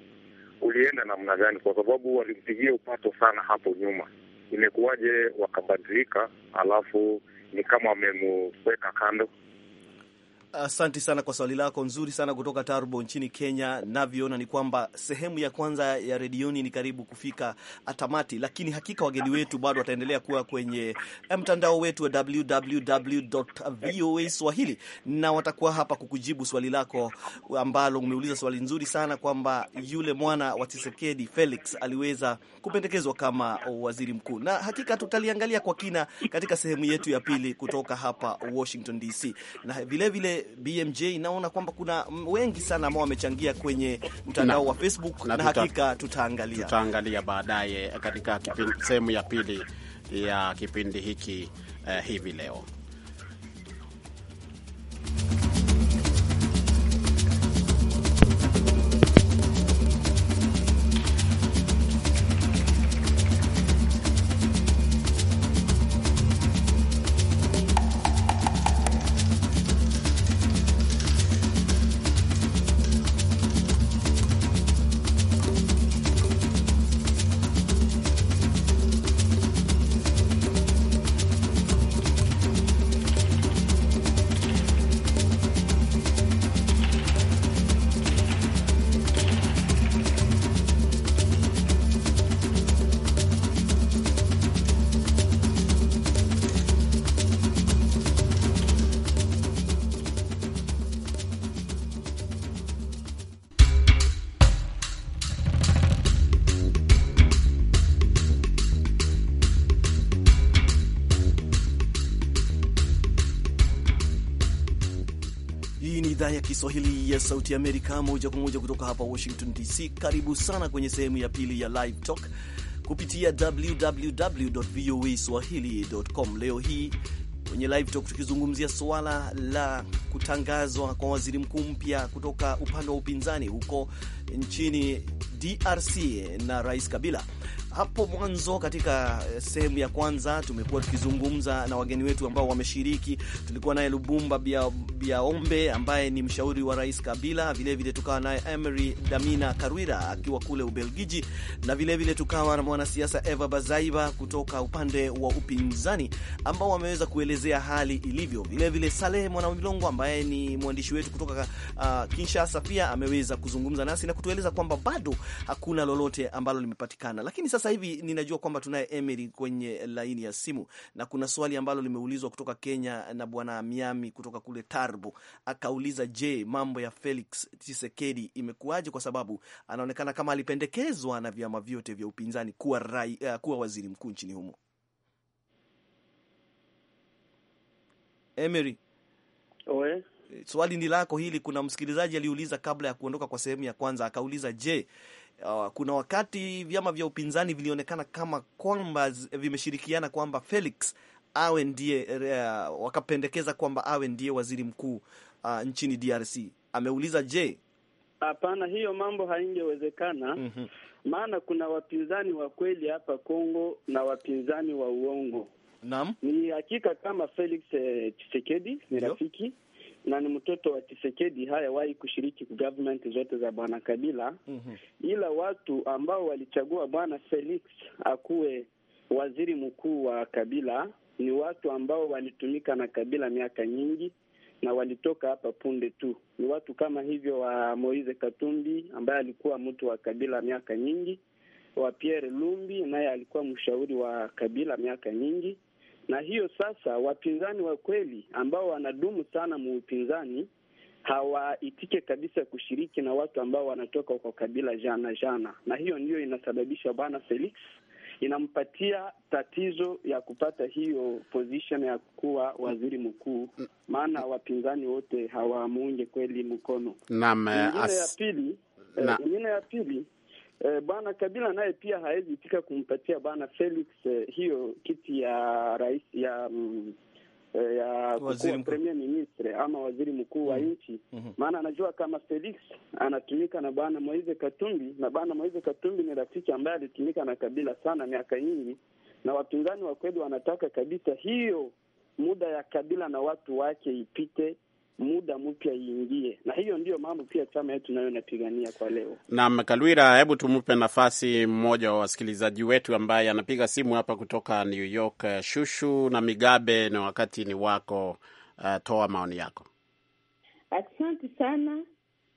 ulienda namna gani? Kwa sababu walimpigia upato sana hapo nyuma, imekuwaje wakabadilika? Alafu ni kama wamemuweka kando. Asanti sana kwa swali lako nzuri sana kutoka Tarbo nchini Kenya. Navyoona ni kwamba sehemu ya kwanza ya redioni ni karibu kufika tamati, lakini hakika wageni wetu bado wataendelea kuwa kwenye eh, mtandao wetu wa www.voa Swahili na watakuwa hapa kukujibu swali lako ambalo umeuliza. Swali nzuri sana kwamba yule mwana wa Tshisekedi Felix aliweza kupendekezwa kama waziri mkuu, na hakika tutaliangalia kwa kina katika sehemu yetu ya pili kutoka hapa Washington DC, na vilevile BMJ, naona kwamba kuna wengi sana ambao wamechangia kwenye mtandao wa Facebook na, na tuta, hakika tutaangalia tutaangalia baadaye katika sehemu ya pili ya kipindi hiki eh, hivi leo. idhaa ya Kiswahili ya Sauti Amerika, moja kwa moja kutoka hapa Washington DC. Karibu sana kwenye sehemu ya pili ya Live Talk kupitia www voa swahili.com. Leo hii kwenye Live Talk tukizungumzia suala la kutangazwa kwa waziri mkuu mpya kutoka upande wa upinzani huko nchini DRC na Rais Kabila hapo mwanzo katika eh, sehemu ya kwanza tumekuwa tukizungumza na wageni wetu ambao wameshiriki. Tulikuwa naye Lubumba Bia, Biaombe ambaye ni mshauri wa Rais Kabila, vilevile tukawa naye Emery Damina Karwira akiwa kule Ubelgiji, na vilevile vile tukawa na mwanasiasa Eva Bazaiba kutoka upande wa upinzani ambao wameweza kuelezea hali ilivyo. Vilevile Salehe Mwanamilongo ambaye ni mwandishi wetu kutoka uh, Kinshasa pia ameweza kuzungumza nasi na kutueleza kwamba bado hakuna lolote ambalo limepatikana, lakini sasa sasa hivi ninajua kwamba tunaye Emily kwenye laini ya simu, na kuna swali ambalo limeulizwa kutoka Kenya na bwana Miami kutoka kule Tarbo. Akauliza, je, mambo ya Felix Tshisekedi imekuwaje? Kwa sababu anaonekana kama alipendekezwa na vyama vyote vya upinzani kuwa, rai, uh, kuwa waziri mkuu nchini humo. Emery, Oe. Eh, swali ni lako hili. Kuna msikilizaji aliuliza kabla ya kuondoka kwa sehemu ya kwanza, akauliza je, uh, kuna wakati vyama vya upinzani vilionekana kama kwamba vimeshirikiana kwamba Felix awe ndiye uh, wakapendekeza kwamba awe ndiye waziri mkuu uh, nchini DRC. Ameuliza, je, hapana, hiyo mambo haingewezekana? mm -hmm. Maana kuna wapinzani wa kweli hapa Kongo na wapinzani wa uongo. Naam, ni hakika kama Felix eh, Tshisekedi ni rafiki na ni mtoto wa haya hayawahi kushiriki government zote za bwana Kabila mm -hmm. Ila watu ambao walichagua bwana Felix akuwe waziri mkuu wa Kabila ni watu ambao walitumika na Kabila miaka nyingi na walitoka hapa punde tu. Ni watu kama hivyo wa Moise Katumbi ambaye alikuwa mtu wa Kabila miaka nyingi, wa Pierre Lumbi naye alikuwa mshauri wa Kabila miaka nyingi na hiyo sasa, wapinzani wa kweli ambao wanadumu sana muupinzani hawaitike kabisa kushiriki na watu ambao wanatoka kwa kabila jana jana, na hiyo ndiyo inasababisha bwana Felix inampatia tatizo ya kupata hiyo position ya kuwa waziri mkuu, maana wapinzani wote hawamuunge kweli mkono. Naam, eh, eh, ya pili, na... ya pili E, bwana Kabila naye pia hawezi itika kumpatia bwana Felix eh, hiyo kiti ya rais ya mm, eh, ya waziri premier ministre ama waziri mkuu wa mm -hmm. nchi mm-hmm. maana anajua kama Felix anatumika na bwana Moise Katumbi, na bwana Moise Katumbi ni rafiki ambaye alitumika na Kabila sana miaka nyingi, na wapinzani wa kweli wanataka kabisa hiyo muda ya Kabila na watu wake ipite muda mpya iingie, na hiyo ndiyo mambo pia chama yetu nayo inapigania kwa leo. Naam, Kalwira, hebu tumpe nafasi mmoja wa wasikilizaji wetu ambaye anapiga simu hapa kutoka New York. Eh, Shushu na Migabe, na wakati ni wako, uh, toa maoni yako. Asante sana.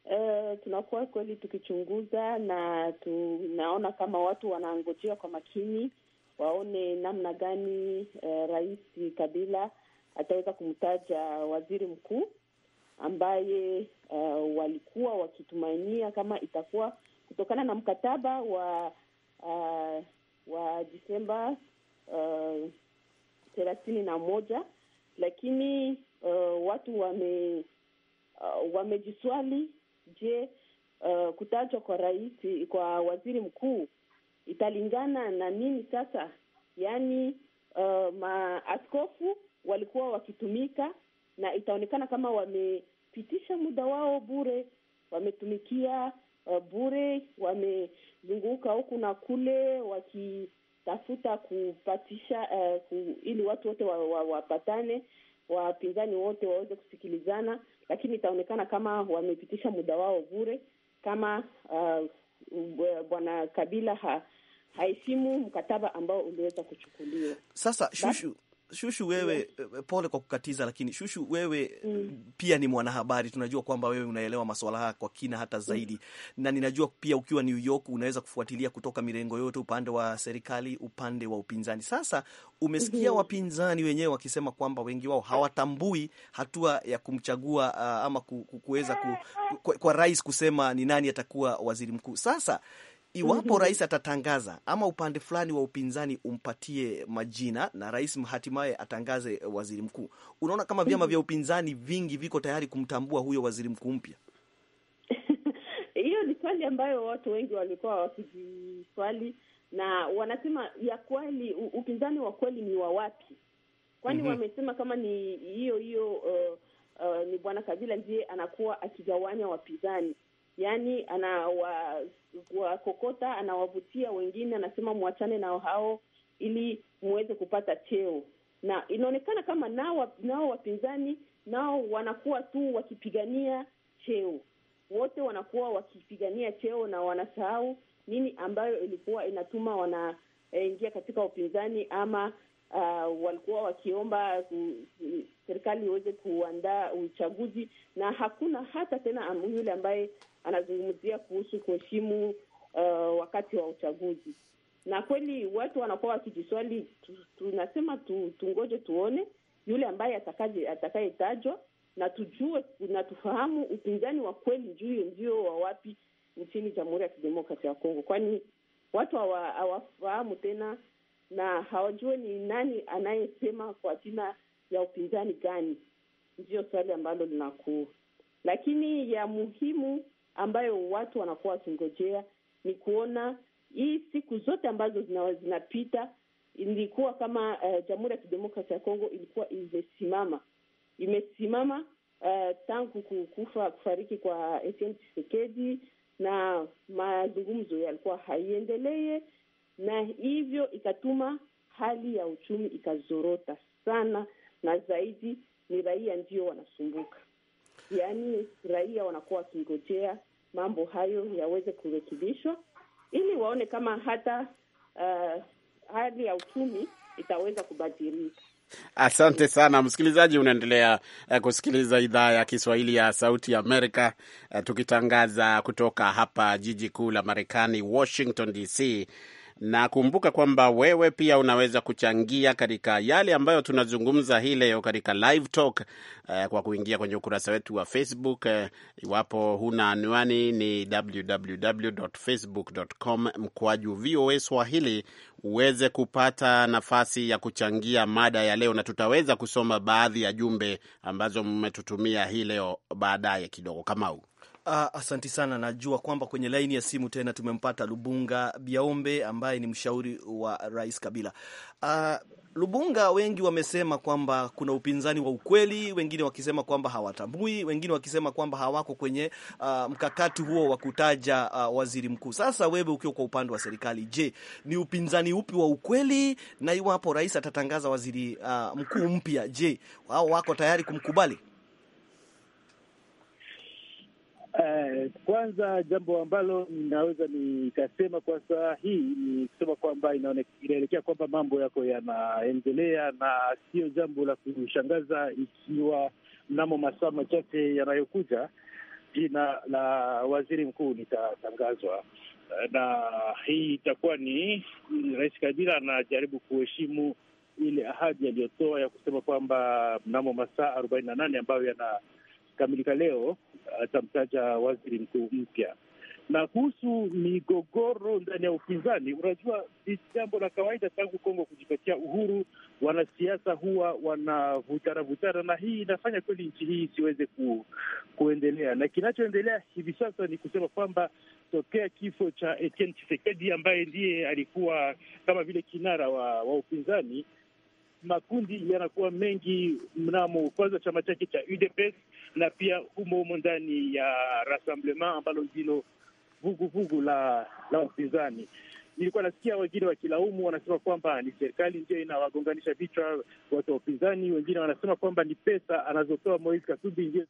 Uh, tunakuwa kweli tukichunguza na tunaona kama watu wanaangojea kwa makini waone namna gani uh, Rais Kabila ataweza kumtaja waziri mkuu ambaye uh, walikuwa wakitumainia kama itakuwa kutokana na mkataba wa uh, wa Disemba uh, thelathini na moja, lakini uh, watu wame uh, wamejiswali, je, uh, kutajwa kwa rais kwa waziri mkuu italingana na nini sasa? Yaani uh, maaskofu walikuwa wakitumika na itaonekana kama wamepitisha muda wao bure, wametumikia uh, bure, wamezunguka huku na kule wakitafuta kupatisha uh, ku, ili watu wote wapatane wa, wa wapinzani wote waweze kusikilizana, lakini itaonekana kama wamepitisha muda wao bure kama uh, uh Bwana Kabila ha haheshimu mkataba ambao uliweza kuchukuliwa. Sasa shushu Shushu wewe, eh, eh, pole kwa kukatiza, lakini Shushu wewe eh, mm. pia ni mwanahabari, tunajua kwamba wewe unaelewa masuala haya kwa kina hata mm. zaidi mm. na ninajua pia ukiwa New York unaweza kufuatilia kutoka mirengo yote, upande wa serikali, upande wa upinzani. Sasa umesikia mm -hmm. wapinzani wenyewe wakisema kwamba wengi wao hawatambui hatua ya kumchagua uh, ama kuweza ku, ku, kwa rais kusema ni nani atakuwa waziri mkuu sasa iwapo mhm. rais atatangaza ama upande fulani wa upinzani umpatie majina na rais hatimaye atangaze waziri mkuu, unaona kama vyama mhm. vya upinzani vingi viko tayari kumtambua huyo waziri mkuu mpya? Hiyo ni swali ambayo watu wengi walikuwa wakijiswali na wanasema ya kweli, upinzani wa kweli ni wa wapi? Kwani mm -hmm. wamesema kama ni hiyo hiyo, uh, uh, ni bwana Kabila ndiye anakuwa akigawanya wapinzani, yaani anawa kokota anawavutia wengine, anasema mwachane nao hao ili muweze kupata cheo, na inaonekana kama nao nao wapinzani nao wanakuwa tu wakipigania cheo, wote wanakuwa wakipigania cheo na wanasahau nini ambayo ilikuwa inatuma wanaingia eh, katika upinzani ama Uh, walikuwa wakiomba serikali iweze kuandaa uchaguzi na hakuna hata tena yule ambaye anazungumzia kuhusu kuheshimu uh, wakati wa uchaguzi, na kweli watu wanakuwa wakijiswali, tunasema tu, tungoje tuone yule ambaye atakayetajwa na tujue na tufahamu upinzani wa kweli juu ndio wa wapi nchini Jamhuri ya Kidemokrasia ya Kongo, kwani watu hawafahamu tena na hawajue ni nani anayesema kwa jina ya upinzani gani. Ndiyo swali ambalo linakuwa, lakini ya muhimu ambayo watu wanakuwa wakingojea ni kuona hii siku zote ambazo zinapita zina ilikuwa kama uh, Jamhuri ya kidemokrasi ya Kongo ilikuwa imesimama imesimama uh, tangu kufa kufariki kwa Etienne chisekedi na mazungumzo yalikuwa haiendelee, na hivyo ikatuma hali ya uchumi ikazorota sana, na zaidi ni raia ndio wanasumbuka yaani raia wanakuwa wakingojea mambo hayo yaweze kurekebishwa ili waone kama hata uh, eh, hali ya uchumi itaweza kubadilika. Asante sana msikilizaji, unaendelea eh, kusikiliza idhaa ya Kiswahili ya Sauti ya Amerika, eh, tukitangaza kutoka hapa jiji kuu la Marekani, Washington DC na kumbuka kwamba wewe pia unaweza kuchangia katika yale ambayo tunazungumza hii leo katika live talk eh, kwa kuingia kwenye ukurasa wetu wa Facebook. eh, iwapo huna anwani ni www.facebook.com mkwaju VOA Swahili uweze kupata nafasi ya kuchangia mada ya leo, na tutaweza kusoma baadhi ya jumbe ambazo mmetutumia hii leo baadaye kidogo. huu. Ah, asanti sana. Najua kwamba kwenye laini ya simu tena tumempata Lubunga Biaombe ambaye ni mshauri wa Rais Kabila. Ah, Lubunga, wengi wamesema kwamba kuna upinzani wa ukweli, wengine wakisema kwamba hawatambui, wengine wakisema kwamba hawako kwenye uh, mkakati huo wa kutaja uh, waziri mkuu. Sasa wewe ukiwa kwa upande wa serikali, je, ni upinzani upi wa ukweli? Na iwapo rais atatangaza waziri uh, mkuu mpya, je, wao wako tayari kumkubali? Eh, kwanza jambo ambalo ninaweza nikasema kwa saa hii ni kusema kwamba inaelekea kwamba mambo yako yanaendelea na siyo jambo la kushangaza, ikiwa mnamo masaa machache yanayokuja jina la waziri mkuu litatangazwa, eh, na hii itakuwa ni Rais Kabila anajaribu kuheshimu ile ahadi aliyotoa ya kusema kwamba mnamo masaa arobaini na nane ambayo yana ikikamilika leo atamtaja waziri mkuu mpya. Na kuhusu migogoro ndani ya upinzani, unajua ni jambo la kawaida tangu Kongo kujipatia uhuru, wanasiasa huwa wanavutaravutara na hii inafanya kweli nchi hii isiweze ku, kuendelea. Na kinachoendelea hivi sasa ni kusema kwamba tokea kifo cha Etienne Tshisekedi ambaye ndiye alikuwa kama vile kinara wa, wa upinzani makundi yanakuwa mengi mnamo kwanza chama chake cha UDPS na pia humo humo ndani ya Rassemblement ambalo ndilo vuguvugu la la upinzani. Nilikuwa nasikia wengine wakilaumu, wanasema kwamba ni serikali ndio inawagonganisha vichwa watu wa upinzani. Wengine wanasema kwamba ni pesa anazotoa Moise Katumbi ndio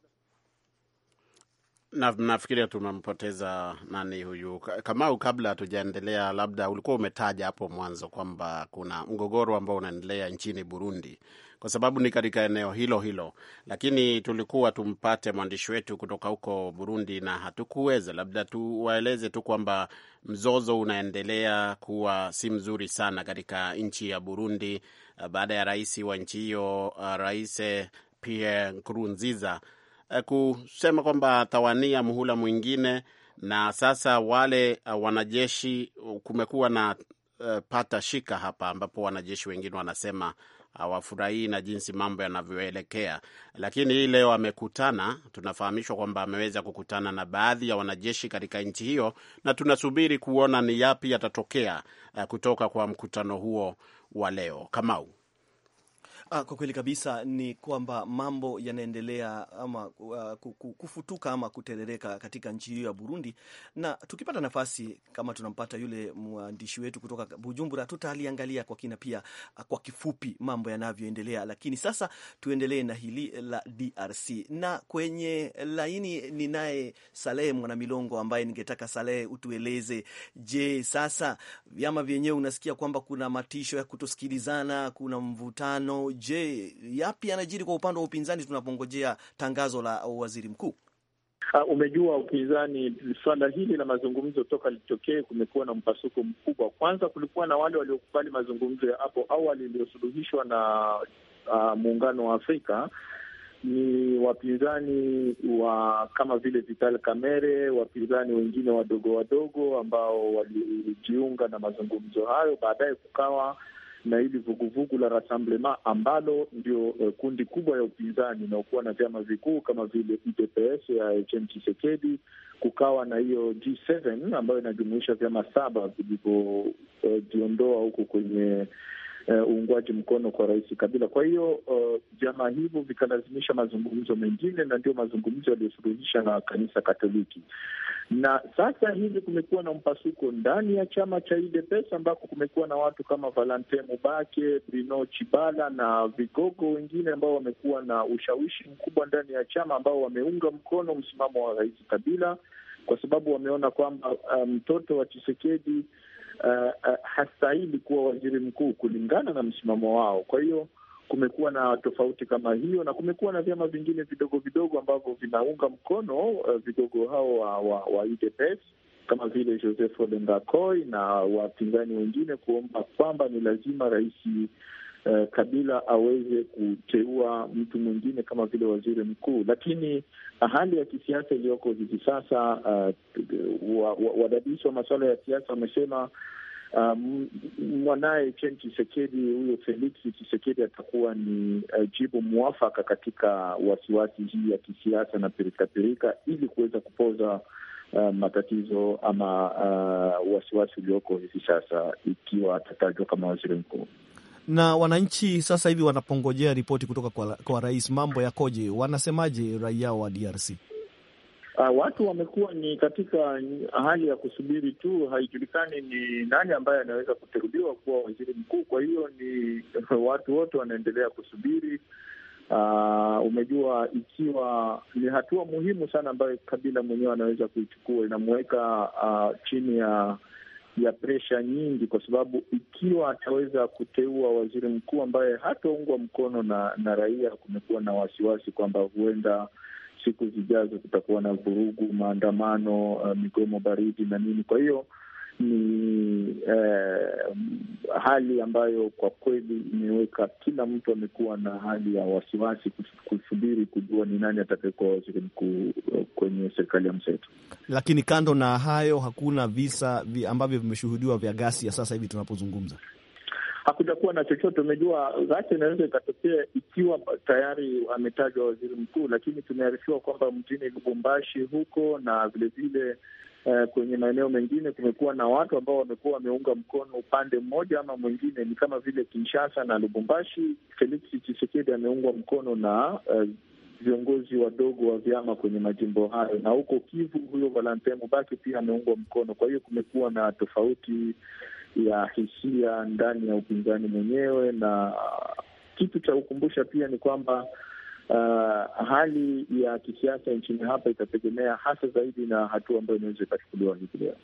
na nafikiria tumempoteza nani huyu Kamau. Kabla hatujaendelea, labda ulikuwa umetaja hapo mwanzo kwamba kuna mgogoro ambao unaendelea nchini Burundi, kwa sababu ni katika eneo hilo hilo, lakini tulikuwa tumpate mwandishi wetu kutoka huko Burundi na hatukuweza. Labda tuwaeleze tu kwamba mzozo unaendelea kuwa si mzuri sana katika nchi ya Burundi baada ya rais wa nchi hiyo, Rais eh, Pierre Nkurunziza Eh, kusema kwamba atawania muhula mwingine, na sasa wale eh, wanajeshi, kumekuwa na eh, pata shika hapa, ambapo wanajeshi wengine wanasema hawafurahii na jinsi mambo yanavyoelekea, lakini hii leo amekutana. Tunafahamishwa kwamba ameweza kukutana na baadhi ya wanajeshi katika nchi hiyo, na tunasubiri kuona ni yapi yatatokea kutoka kwa mkutano huo wa leo. Kamau. Ah, kwa kweli kabisa ni kwamba mambo yanaendelea ama uh, kufutuka ama kuterereka katika nchi hiyo ya Burundi, na tukipata nafasi kama tunampata yule mwandishi wetu kutoka Bujumbura, tutaliangalia kwa kina pia uh, kwa kifupi mambo yanavyoendelea. Lakini sasa tuendelee na hili la DRC, na kwenye laini ninaye Salehe Mwanamilongo ambaye ningetaka Salehe utueleze, je, sasa vyama vyenyewe unasikia kwamba kuna matisho ya kutosikilizana, kuna mvutano Je, yapi yanajiri kwa upande wa upinzani tunapongojea tangazo la waziri mkuu? Uh, umejua upinzani, suala hili la mazungumzo toka litokee kumekuwa na mpasuko mkubwa. Kwanza kulikuwa na wale waliokubali mazungumzo ya hapo awali iliyosuluhishwa na uh, muungano wa Afrika ni wapinzani wa kama vile Vital Kamerhe, wapinzani wengine wadogo wadogo ambao walijiunga na mazungumzo hayo. Baadaye kukawa na hili vuguvugu la Rassemblement ambalo ndio uh, kundi kubwa ya upinzani inaokuwa na vyama vikuu kama vile UDPS ya HM Chisekedi, kukawa na hiyo G7 ambayo inajumuisha vyama saba vilivyojiondoa eh, uh, huko kwenye Eh, uungwaji mkono kwa Rais Kabila. Kwa hiyo uh, vyama hivyo vikalazimisha mazungumzo mengine, na ndio mazungumzo yaliyosuluhisha na kanisa Katoliki. Na sasa hivi kumekuwa na mpasuko ndani ya chama cha UDPS ambako kumekuwa na watu kama Valentin Mubake, Bruno Chibala na vigogo wengine ambao wamekuwa na ushawishi mkubwa ndani ya chama ambao wameunga mkono msimamo wa Rais Kabila kwa sababu wameona kwamba eh, mtoto um, wa Chisekedi uh, hastahili kuwa waziri mkuu kulingana na msimamo wao. Kwa hiyo kumekuwa na tofauti kama hiyo, na kumekuwa na vyama vingine vidogo vidogo ambavyo vinaunga mkono uh, vidogo hao wa, wa, wa UDPS e kama vile Joseph Olenga na wapinzani wengine kuomba kwamba ni lazima rais eh, Kabila aweze kuteua mtu mwingine kama vile waziri mkuu, lakini hali ya kisiasa iliyoko hivi sasa, uh, wadadisi wa masuala ya siasa wamesema Um, mwanaye Chen Chisekedi huyo Felix Chisekedi atakuwa ni uh, jibu mwafaka katika wasiwasi hii ya kisiasa na pirikapirika ili kuweza kupoza uh, matatizo ama uh, wasiwasi ulioko hivi sasa ikiwa atatajwa kama waziri mkuu na wananchi sasa hivi wanapongojea ripoti kutoka kwa, kwa rais. Mambo yakoje? Wanasemaje raia wa DRC? Uh, ah, watu wamekuwa ni katika hali ya kusubiri tu, haijulikani ni nani ambaye anaweza kuteuliwa kuwa waziri mkuu. Kwa hiyo ni watu wote wanaendelea kusubiri. Uh, umejua ikiwa ni hatua muhimu sana ambayo Kabila mwenyewe anaweza kuichukua, inamuweka uh, ah, chini ya uh, ya presha nyingi, kwa sababu ikiwa ataweza kuteua waziri mkuu ambaye hataungwa mkono na, na raia, kumekuwa na wasiwasi kwamba huenda siku zijazo kutakuwa na vurugu, maandamano, uh, migomo baridi na nini. Kwa hiyo ni eh, hali ambayo kwa kweli imeweka kila mtu amekuwa na hali ya wasiwasi kusubiri kujua ni nani atakayekuwa waziri mkuu eh, kwenye serikali ya mseto. Lakini kando na hayo, hakuna visa vi ambavyo vimeshuhudiwa vya ghasia sasa hivi tunapozungumza kuwa na chochote. Umejua, ghasia inaweza ikatokea ikiwa tayari ametajwa waziri mkuu, lakini tumearifiwa kwamba mjini Lubumbashi huko na vilevile uh, kwenye maeneo mengine kumekuwa na watu ambao wamekuwa wameunga mkono upande mmoja ama mwingine, ni kama vile Kinshasa na Lubumbashi. Felix Tshisekedi ameungwa mkono na uh, viongozi wadogo wa vyama kwenye majimbo hayo, na huko Kivu huyo Valentin Mubaki pia ameungwa mkono. Kwa hiyo kumekuwa na tofauti ya hisia ndani ya upinzani mwenyewe, na kitu cha kukumbusha pia ni kwamba uh, hali ya kisiasa nchini hapa itategemea hasa zaidi na hatua ambayo inaweza ikachukuliwa hivi leo.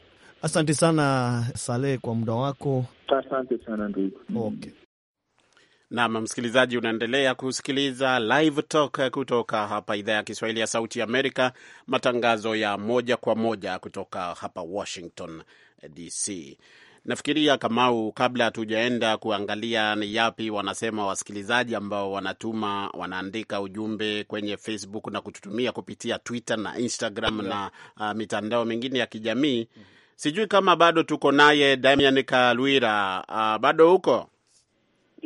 Asante sana Saleh kwa muda wako. Asante sana ndugu. Okay. Nam msikilizaji, unaendelea kusikiliza Live Talk kutoka hapa idhaa ya Kiswahili ya Sauti Amerika, matangazo ya moja kwa moja kutoka hapa Washington DC. Nafikiria Kamau, kabla hatujaenda kuangalia ni yapi wanasema wasikilizaji ambao wanatuma wanaandika ujumbe kwenye Facebook na kututumia kupitia Twitter na Instagram yeah, na uh, mitandao mingine ya kijamii mm. Sijui kama bado tuko naye Damian Kalwira, uh, bado huko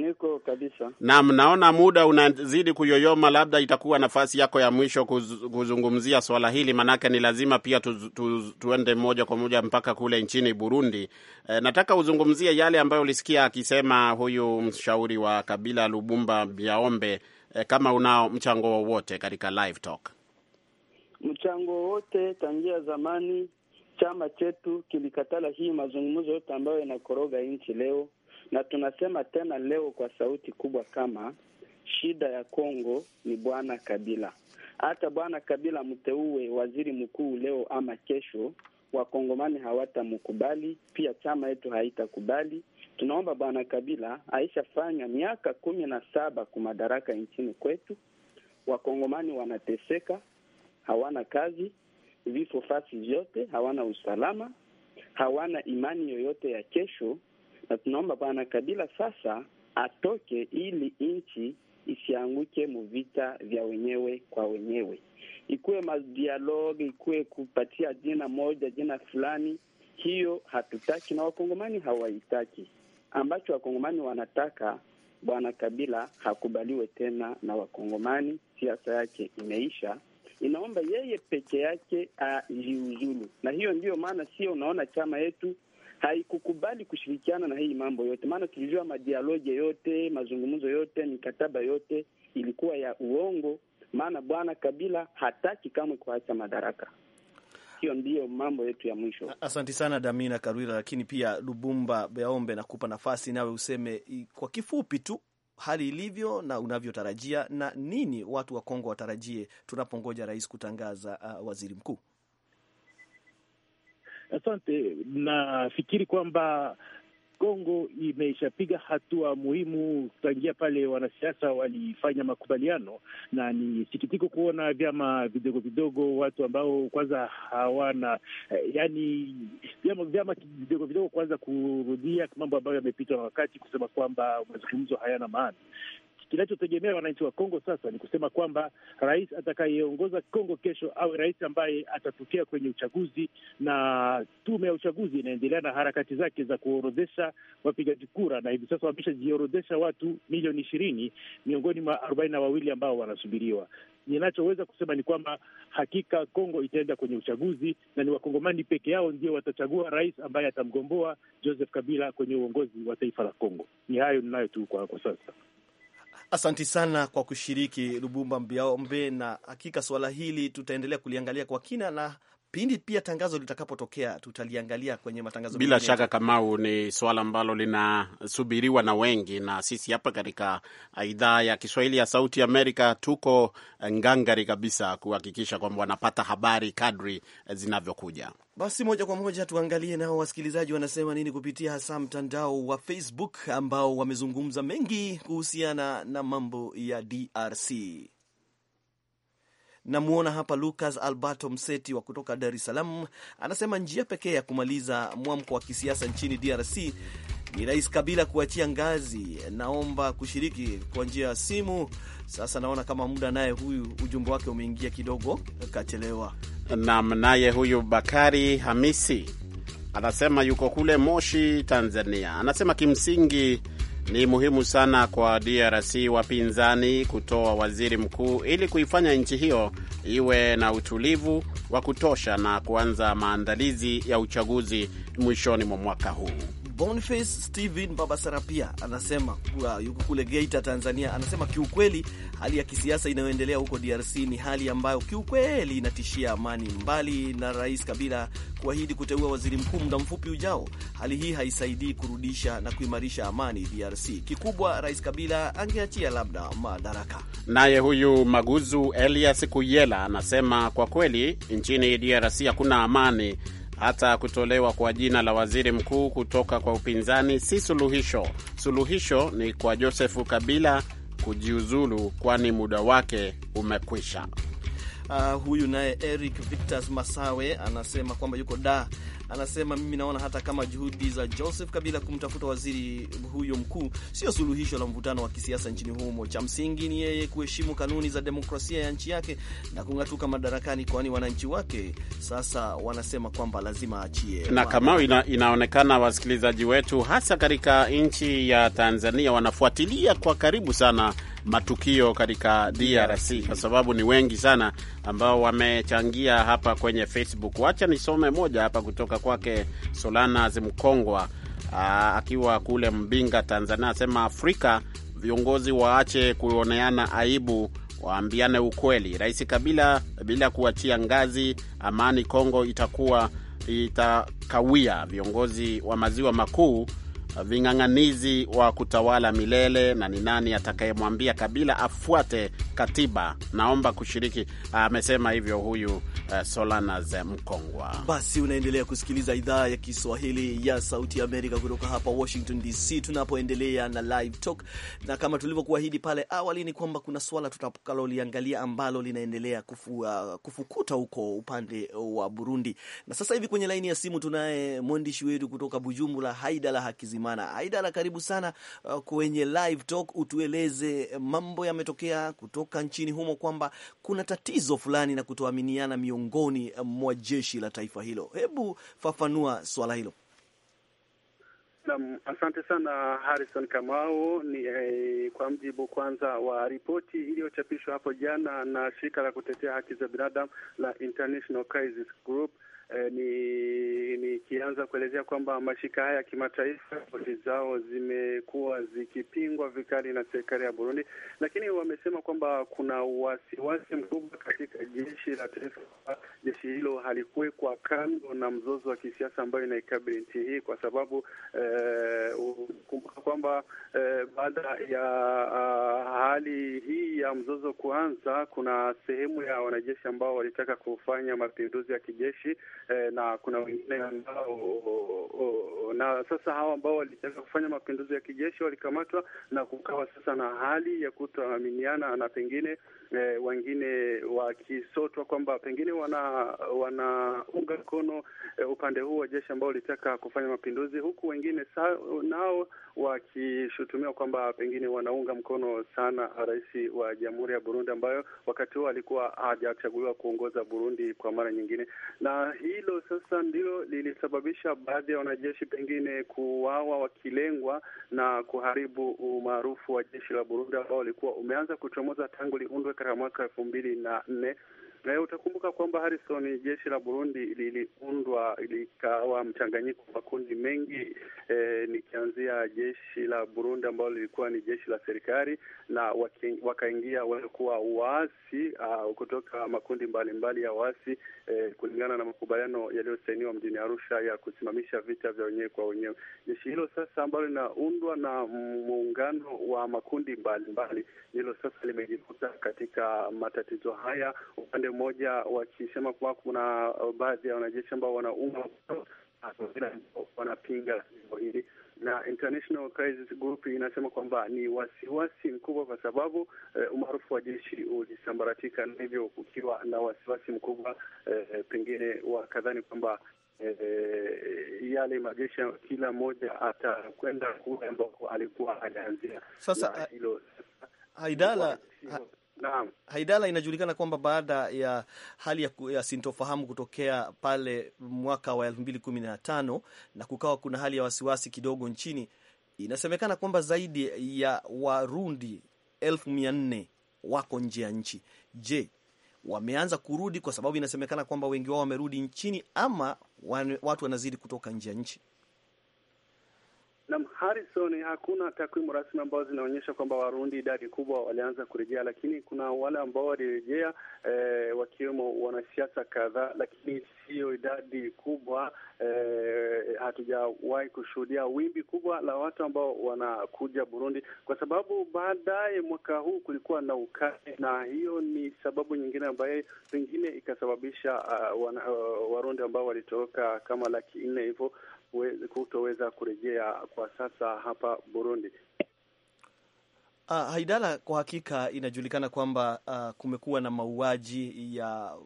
Niko kabisa. Naam, naona muda unazidi kuyoyoma, labda itakuwa nafasi yako ya mwisho kuz, kuzungumzia swala hili, manake ni lazima pia tu, tu, tuende moja kwa moja mpaka kule nchini Burundi. E, nataka uzungumzie yale ambayo ulisikia akisema huyu mshauri wa Kabila Lubumba Biaombe, e, eh, kama unao mchango wowote katika live talk. Mchango wowote tangia zamani chama chetu kilikatala hii mazungumzo yote ambayo yanakoroga nchi leo na tunasema tena leo kwa sauti kubwa kama shida ya Kongo ni Bwana Kabila. Hata Bwana Kabila mteue waziri mkuu leo ama kesho, wakongomani hawatamkubali, pia chama yetu haitakubali. Tunaomba Bwana Kabila aishafanya miaka kumi na saba ku madaraka nchini kwetu. Wakongomani wanateseka, hawana kazi, vifo fasi vyote, hawana usalama, hawana imani yoyote ya kesho na tunaomba Bwana Kabila sasa atoke ili nchi isianguke muvita vya wenyewe kwa wenyewe, ikuwe madialogue, ikuwe kupatia jina moja jina fulani. Hiyo hatutaki na wakongomani hawahitaki Ambacho wakongomani wanataka, bwana Kabila hakubaliwe tena na wakongomani. Siasa yake imeisha, inaomba yeye peke yake ajiuzulu, na hiyo ndiyo maana sio, unaona chama yetu haikukubali kushirikiana na hii mambo yote, maana tulijua madialoje yote mazungumzo yote mikataba yote ilikuwa ya uongo, maana bwana Kabila hataki kamwe kuacha madaraka. Hiyo ndiyo mambo yetu ya mwisho. Asanti sana Damina Karwira, lakini pia Lubumba Beaombe, nakupa nafasi nawe useme kwa kifupi tu hali ilivyo na unavyotarajia na nini watu wa Kongo watarajie tunapongoja rais kutangaza uh, waziri mkuu. Asante. Nafikiri kwamba Kongo imeshapiga hatua muhimu tangia pale wanasiasa walifanya makubaliano, na ni sikitiko kuona vyama vidogo vidogo, watu ambao kwanza hawana eh, yani, vyama vyama vidogo vidogo kwanza kurudia mambo ambayo yamepitwa na wakati, kusema kwamba mazungumzo hayana maana. Kinachotegemea wananchi wa Kongo sasa ni kusema kwamba rais atakayeongoza Kongo kesho awe rais ambaye atatokea kwenye uchaguzi, na tume ya uchaguzi inaendelea na harakati zake za kuorodhesha wapigaji kura, na hivi sasa wameshajiorodhesha watu milioni ishirini miongoni mwa arobaini na wawili ambao wanasubiriwa. Ninachoweza kusema ni kwamba hakika Kongo itaenda kwenye uchaguzi na ni wakongomani peke yao ndio watachagua rais ambaye atamgomboa Joseph Kabila kwenye uongozi wa taifa la Kongo. Ni hayo ninayo tu kwa, kwa sasa. Asanti sana kwa kushiriki Lubumba Mbiaombe, na hakika suala hili tutaendelea kuliangalia kwa kina na pindi pia tangazo litakapotokea tutaliangalia kwenye matangazo. Bila mingine shaka, Kamau, ni swala ambalo linasubiriwa na wengi, na sisi hapa katika idhaa ya Kiswahili ya Sauti Amerika tuko ngangari kabisa kuhakikisha kwamba wanapata habari kadri zinavyokuja. Basi moja kwa moja tuangalie nao wasikilizaji wanasema nini kupitia hasa mtandao wa Facebook ambao wamezungumza mengi kuhusiana na mambo ya DRC. Namwona hapa Lucas Alberto Mseti wa kutoka Dar es Salaam, anasema njia pekee ya kumaliza mwamko wa kisiasa nchini DRC ni Rais Kabila kuachia ngazi. Naomba kushiriki kwa njia ya simu. Sasa naona kama muda naye huyu ujumbe wake umeingia kidogo, kachelewa. Naam, naye huyu Bakari Hamisi anasema yuko kule Moshi, Tanzania. Anasema kimsingi ni muhimu sana kwa DRC wapinzani kutoa waziri mkuu ili kuifanya nchi hiyo iwe na utulivu wa kutosha na kuanza maandalizi ya uchaguzi mwishoni mwa mwaka huu. Boniface Steven Babasara anasema kuwa uh, yuko kule Geita, Tanzania. Anasema kiukweli, hali ya kisiasa inayoendelea huko DRC ni hali ambayo kiukweli inatishia amani. Mbali na Rais Kabila kuahidi kuteua waziri mkuu muda mfupi ujao, hali hii haisaidii kurudisha na kuimarisha amani DRC. Kikubwa Rais Kabila angeachia labda madaraka. Naye huyu Maguzu Elias Kuyela anasema kwa kweli nchini DRC hakuna amani hata kutolewa kwa jina la waziri mkuu kutoka kwa upinzani si suluhisho. Suluhisho ni kwa Josefu Kabila kujiuzulu, kwani muda wake umekwisha. Uh, huyu naye Eric Victor Masawe anasema kwamba yuko da anasema mimi naona hata kama juhudi za Joseph Kabila kumtafuta waziri huyo mkuu sio suluhisho la mvutano wa kisiasa nchini humo. Cha msingi ni yeye kuheshimu kanuni za demokrasia ya nchi yake na kung'atuka madarakani, kwani wananchi wake sasa wanasema kwamba lazima aachie. Na kama ina, inaonekana wasikilizaji wetu hasa katika nchi ya Tanzania wanafuatilia kwa karibu sana matukio katika DRC kwa sababu ni wengi sana ambao wamechangia hapa kwenye Facebook. Wacha nisome moja hapa kutoka kwake Solana Zimkongwa akiwa kule Mbinga, Tanzania, asema Afrika viongozi waache kuoneana aibu, waambiane ukweli. Rais Kabila bila kuachia ngazi, amani Kongo itakuwa itakawia. Viongozi wa maziwa makuu ving'ang'anizi wa kutawala milele, na ni nani atakayemwambia Kabila afuate katiba? Naomba kushiriki. Amesema hivyo huyu eh, Solanas Mkongwa. Basi unaendelea kusikiliza idhaa ya Kiswahili ya Sauti ya Amerika kutoka hapa Washington DC, tunapoendelea na Live Talk, na kama tulivyokuahidi pale awali ni kwamba kuna swala tutakaloliangalia ambalo linaendelea kufu, uh, kufukuta huko upande wa Burundi, na sasa hivi kwenye laini ya simu tunaye mwandishi wetu kutoka Bujumbura, Haidala Hakizi Ndimana. Aidala, karibu sana uh, kwenye live talk, utueleze eh, mambo yametokea kutoka nchini humo kwamba kuna tatizo fulani na kutoaminiana miongoni eh, mwa jeshi la taifa hilo. Hebu fafanua swala hilo. Naam, asante sana Harrison Kamau. Ni eh, kwa mjibu kwanza wa ripoti iliyochapishwa hapo jana na shirika la kutetea haki za binadamu la International Crisis Group eh, nikianza ni kuelezea kwamba mashirika haya ya kimataifa ripoti zao zimekuwa zikipingwa vikali na serikali ya Burundi, lakini wamesema kwamba kuna wasiwasi mkubwa katika jeshi la taifa. Jeshi hilo halikuwekwa kando na mzozo wa kisiasa ambayo inaikabili nchi hii, kwa sababu eh, kumbuka kwamba eh, baada ya uh, hali hii ya mzozo kuanza, kuna sehemu ya wanajeshi ambao walitaka kufanya mapinduzi ya kijeshi eh, na kuna wengine ambao na sasa hawa ambao walitaka kufanya mapinduzi ya kijeshi walikamatwa na kukawa sasa na hali ya kutoaminiana na pengine eh, wengine wakisotwa kwamba pengine wanaunga wana mkono eh, upande huu wa jeshi ambao walitaka kufanya mapinduzi huku wengine nao wakishutumiwa kwamba pengine wanaunga mkono sana rais wa jamhuri ya Burundi ambayo wakati huo alikuwa hajachaguliwa kuongoza Burundi kwa mara nyingine, na hilo sasa ndilo lilisababisha baadhi ya wanajeshi pengine kuwawa wakilengwa na kuharibu umaarufu wa jeshi la Burundi ambao ulikuwa umeanza kuchomoza tangu liundwe katika mwaka elfu mbili na nne na utakumbuka kwamba Harrison, jeshi la Burundi liliundwa likawa mchanganyiko wa makundi mengi e, nikianzia jeshi la Burundi ambalo lilikuwa ni jeshi la serikali na wakaingia walikuwa waasi ah, kutoka makundi mbalimbali mbali ya waasi e, kulingana na makubaliano yaliyosainiwa mjini Arusha ya kusimamisha vita vya wenyewe kwa wenyewe. Jeshi hilo sasa ambalo linaundwa na muungano wa makundi mbalimbali ndilo mbali, sasa limejikuta katika matatizo haya upande upande mmoja wakisema kuwa kuna uh, baadhi ya wanajeshi ambao wanaunga wanapinga jambo hili, na International Crisis Group inasema kwamba ni wasiwasi mkubwa kwa sababu eh, umaarufu wa jeshi ulisambaratika, na hivyo kukiwa na wasiwasi mkubwa eh, pengine wakadhani kwamba E, yale majeshi kila mmoja atakwenda kule ambako alikuwa alianzia. Sasa Haidala, Naam. Haidala, inajulikana kwamba baada ya hali ya, ya sintofahamu kutokea pale mwaka wa elfu mbili kumi na tano na kukawa kuna hali ya wasiwasi kidogo nchini, inasemekana kwamba zaidi ya Warundi elfu mia nne wako nje ya nchi. Je, wameanza kurudi? Kwa sababu inasemekana kwamba wengi wao wamerudi nchini ama watu wanazidi kutoka nje ya nchi. Nam Harrison, hakuna takwimu rasmi ambazo zinaonyesha kwamba Warundi idadi kubwa walianza kurejea, lakini kuna wale ambao walirejea eh, wakiwemo wanasiasa kadhaa, lakini siyo idadi kubwa eh, hatujawahi kushuhudia wimbi kubwa la watu ambao wanakuja Burundi, kwa sababu baadaye mwaka huu kulikuwa na ukame, na hiyo ni sababu nyingine ambayo pengine ikasababisha uh, wana, uh, Warundi ambao walitoka kama laki nne hivyo kutoweza kurejea kwa sasa hapa Burundi. Ah, Haidala, kwa hakika inajulikana kwamba ah, kumekuwa na mauaji ya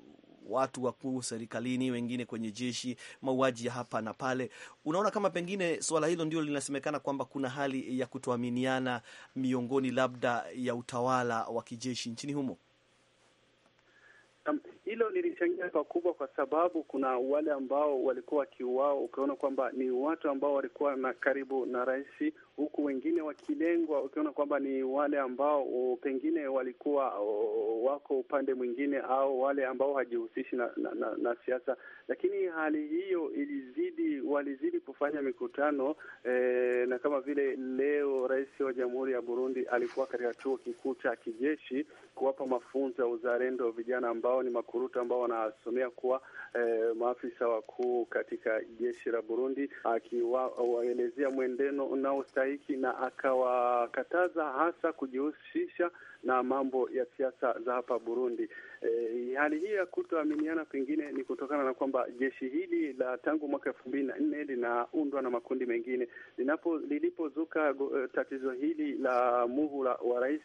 watu wakuu serikalini, wengine kwenye jeshi, mauaji ya hapa na pale. Unaona kama pengine suala hilo ndio linasemekana kwamba kuna hali ya kutoaminiana miongoni labda ya utawala wa kijeshi nchini humo hilo lilichangia pakubwa, kwa sababu kuna wale ambao walikuwa wakiuao, ukiona kwamba ni watu ambao walikuwa na karibu na rais huku wengine wakilengwa ukiona kwamba ni wale ambao pengine walikuwa wako upande mwingine au wale ambao hajihusishi na, na, na, na siasa. Lakini hali hiyo ilizidi, walizidi kufanya mikutano eh, na kama vile leo rais wa Jamhuri ya Burundi alikuwa katika chuo kikuu cha kijeshi kuwapa mafunzo ya uzalendo vijana ambao ni makuruta ambao wanasomea kuwa eh, maafisa wakuu katika jeshi la Burundi, akiwaelezea mwendeno unaosta halaiki na akawakataza hasa kujihusisha na mambo ya siasa za hapa Burundi. E, hali hii ya kutoaminiana pengine ni kutokana na kwamba jeshi hili la tangu mwaka elfu mbili na nne linaundwa na makundi mengine. Linapo lilipozuka e, tatizo hili la muhula wa rais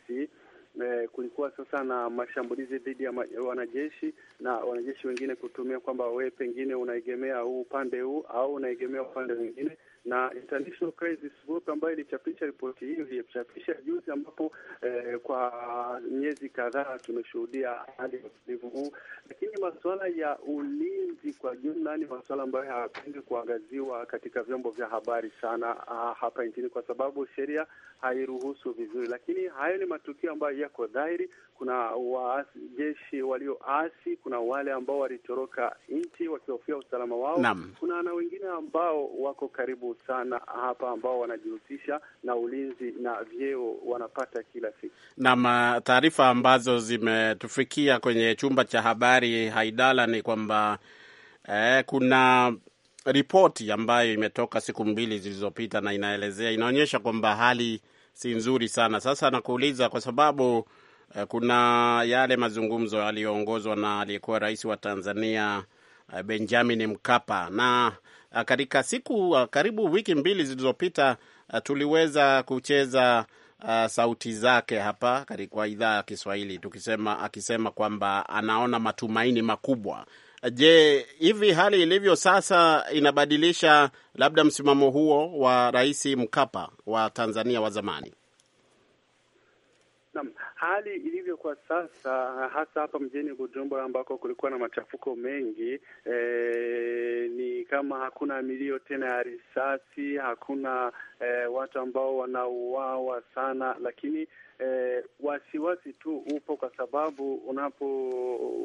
Eh, kulikuwa sasa na mashambulizi dhidi ya ma, wanajeshi na wanajeshi wengine kutumia kwamba we pengine unaegemea huu upande huu au unaegemea upande mwingine na International Crisis Group ambayo ilichapisha ripoti hiyo ilichapisha juzi, ambapo eh, kwa miezi kadhaa tumeshuhudia hali ya utulivu huu, lakini masuala ya ulinzi kwa jumla ni masuala ambayo hayapendi kuangaziwa katika vyombo vya habari sana ah, hapa nchini kwa sababu sheria hairuhusu vizuri, lakini hayo ni matukio ambayo yako dhahiri. Kuna waasi, jeshi walioasi, kuna wale ambao walitoroka nchi wakihofia usalama wao Nam. kuna na wengine ambao wako karibu sana hapa ambao wanajihusisha na ulinzi na vyeo wanapata kila siku. Naam, taarifa ambazo zimetufikia kwenye chumba cha habari Haidala ni kwamba eh, kuna ripoti ambayo imetoka siku mbili zilizopita na inaelezea inaonyesha kwamba hali si nzuri sana. Sasa nakuuliza kwa sababu eh, kuna yale mazungumzo yaliyoongozwa na aliyekuwa rais wa Tanzania eh, Benjamin Mkapa na Ah, katika siku ah, karibu wiki mbili zilizopita ah, tuliweza kucheza Uh, sauti zake hapa kwa idhaa ya Kiswahili tukisema akisema kwamba anaona matumaini makubwa. Je, hivi hali ilivyo sasa inabadilisha labda msimamo huo wa Rais Mkapa wa Tanzania wa zamani? Hali ilivyo kwa sasa hasa hapa mjini Bujumbura ambako kulikuwa na machafuko mengi e, ni kama hakuna milio tena ya risasi, hakuna eh, watu ambao wanauawa sana, lakini wasiwasi eh, wasiwasi tu upo kwa sababu unapo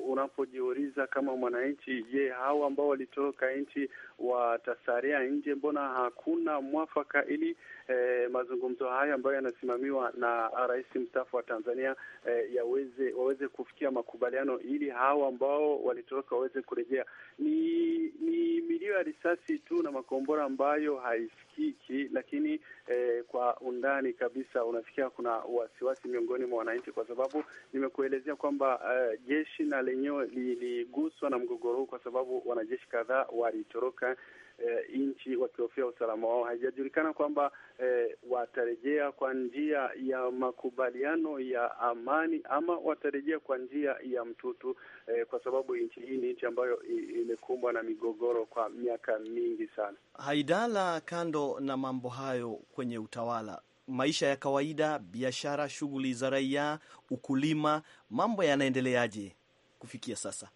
unapojiuliza kama mwananchi, je, hao ambao walitoroka nchi watasarea nje? Mbona hakuna mwafaka ili eh, mazungumzo haya ambayo yanasimamiwa na rais mstaafu wa Tanzania eh, yaweze waweze kufikia makubaliano ili hao ambao walitoroka waweze kurejea. Ni, ni milio ya risasi tu na makombora ambayo haisiki hiki, lakini eh, kwa undani kabisa unafikia kuna wasiwasi miongoni mwa wananchi, kwa sababu nimekuelezea kwamba eh, jeshi na lenyewe liliguswa na mgogoro huu, kwa sababu wanajeshi kadhaa walitoroka eh, nchi wakihofia usalama wao. Haijajulikana kwamba eh, watarejea kwa njia ya makubaliano ya amani ama watarejea kwa njia ya mtutu eh, kwa sababu nchi hii ni nchi ambayo imekumbwa na migogoro kwa miaka mingi sana. Haidala, kando na mambo hayo kwenye utawala maisha ya kawaida, biashara, shughuli za raia, ukulima, mambo yanaendeleaje kufikia sasa?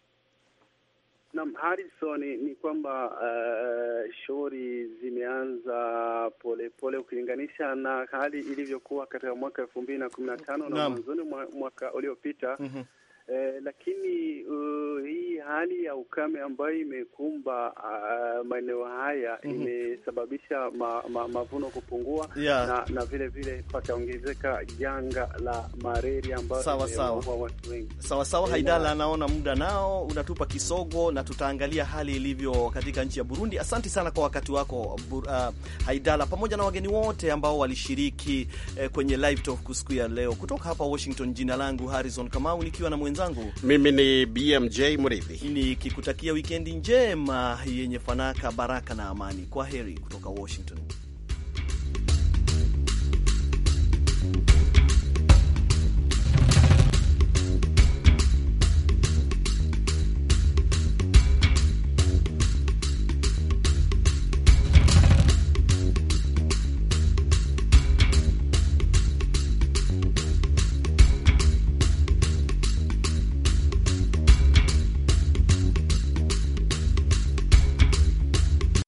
Naam, Harrison, ni kwamba uh, eh, shughuli zimeanza polepole ukilinganisha na hali ilivyokuwa katika mwaka elfu mbili na kumi na tano na mwanzoni mwa mwaka uliopita. mm -hmm eh, lakini uh, hii hali ya ukame ambayo imekumba uh, maeneo haya mm -hmm. imesababisha ma, ma, mavuno kupungua yeah. na, na vile vile pataongezeka janga la malaria ambayo sawa. watu wengi. Sawa sawa, eh, Haidala anaona muda nao unatupa kisogo, na tutaangalia hali ilivyo katika nchi ya Burundi. Asante sana kwa wakati wako Bur, uh, Haidala pamoja na wageni wote ambao walishiriki eh, kwenye live talk siku ya leo kutoka hapa Washington. Jina langu Harrison Kamau nikiwa na mwenzi mwenzangu. Mimi ni BMJ Mridhi, nikikutakia wikendi njema yenye fanaka, baraka na amani. Kwa heri kutoka Washington.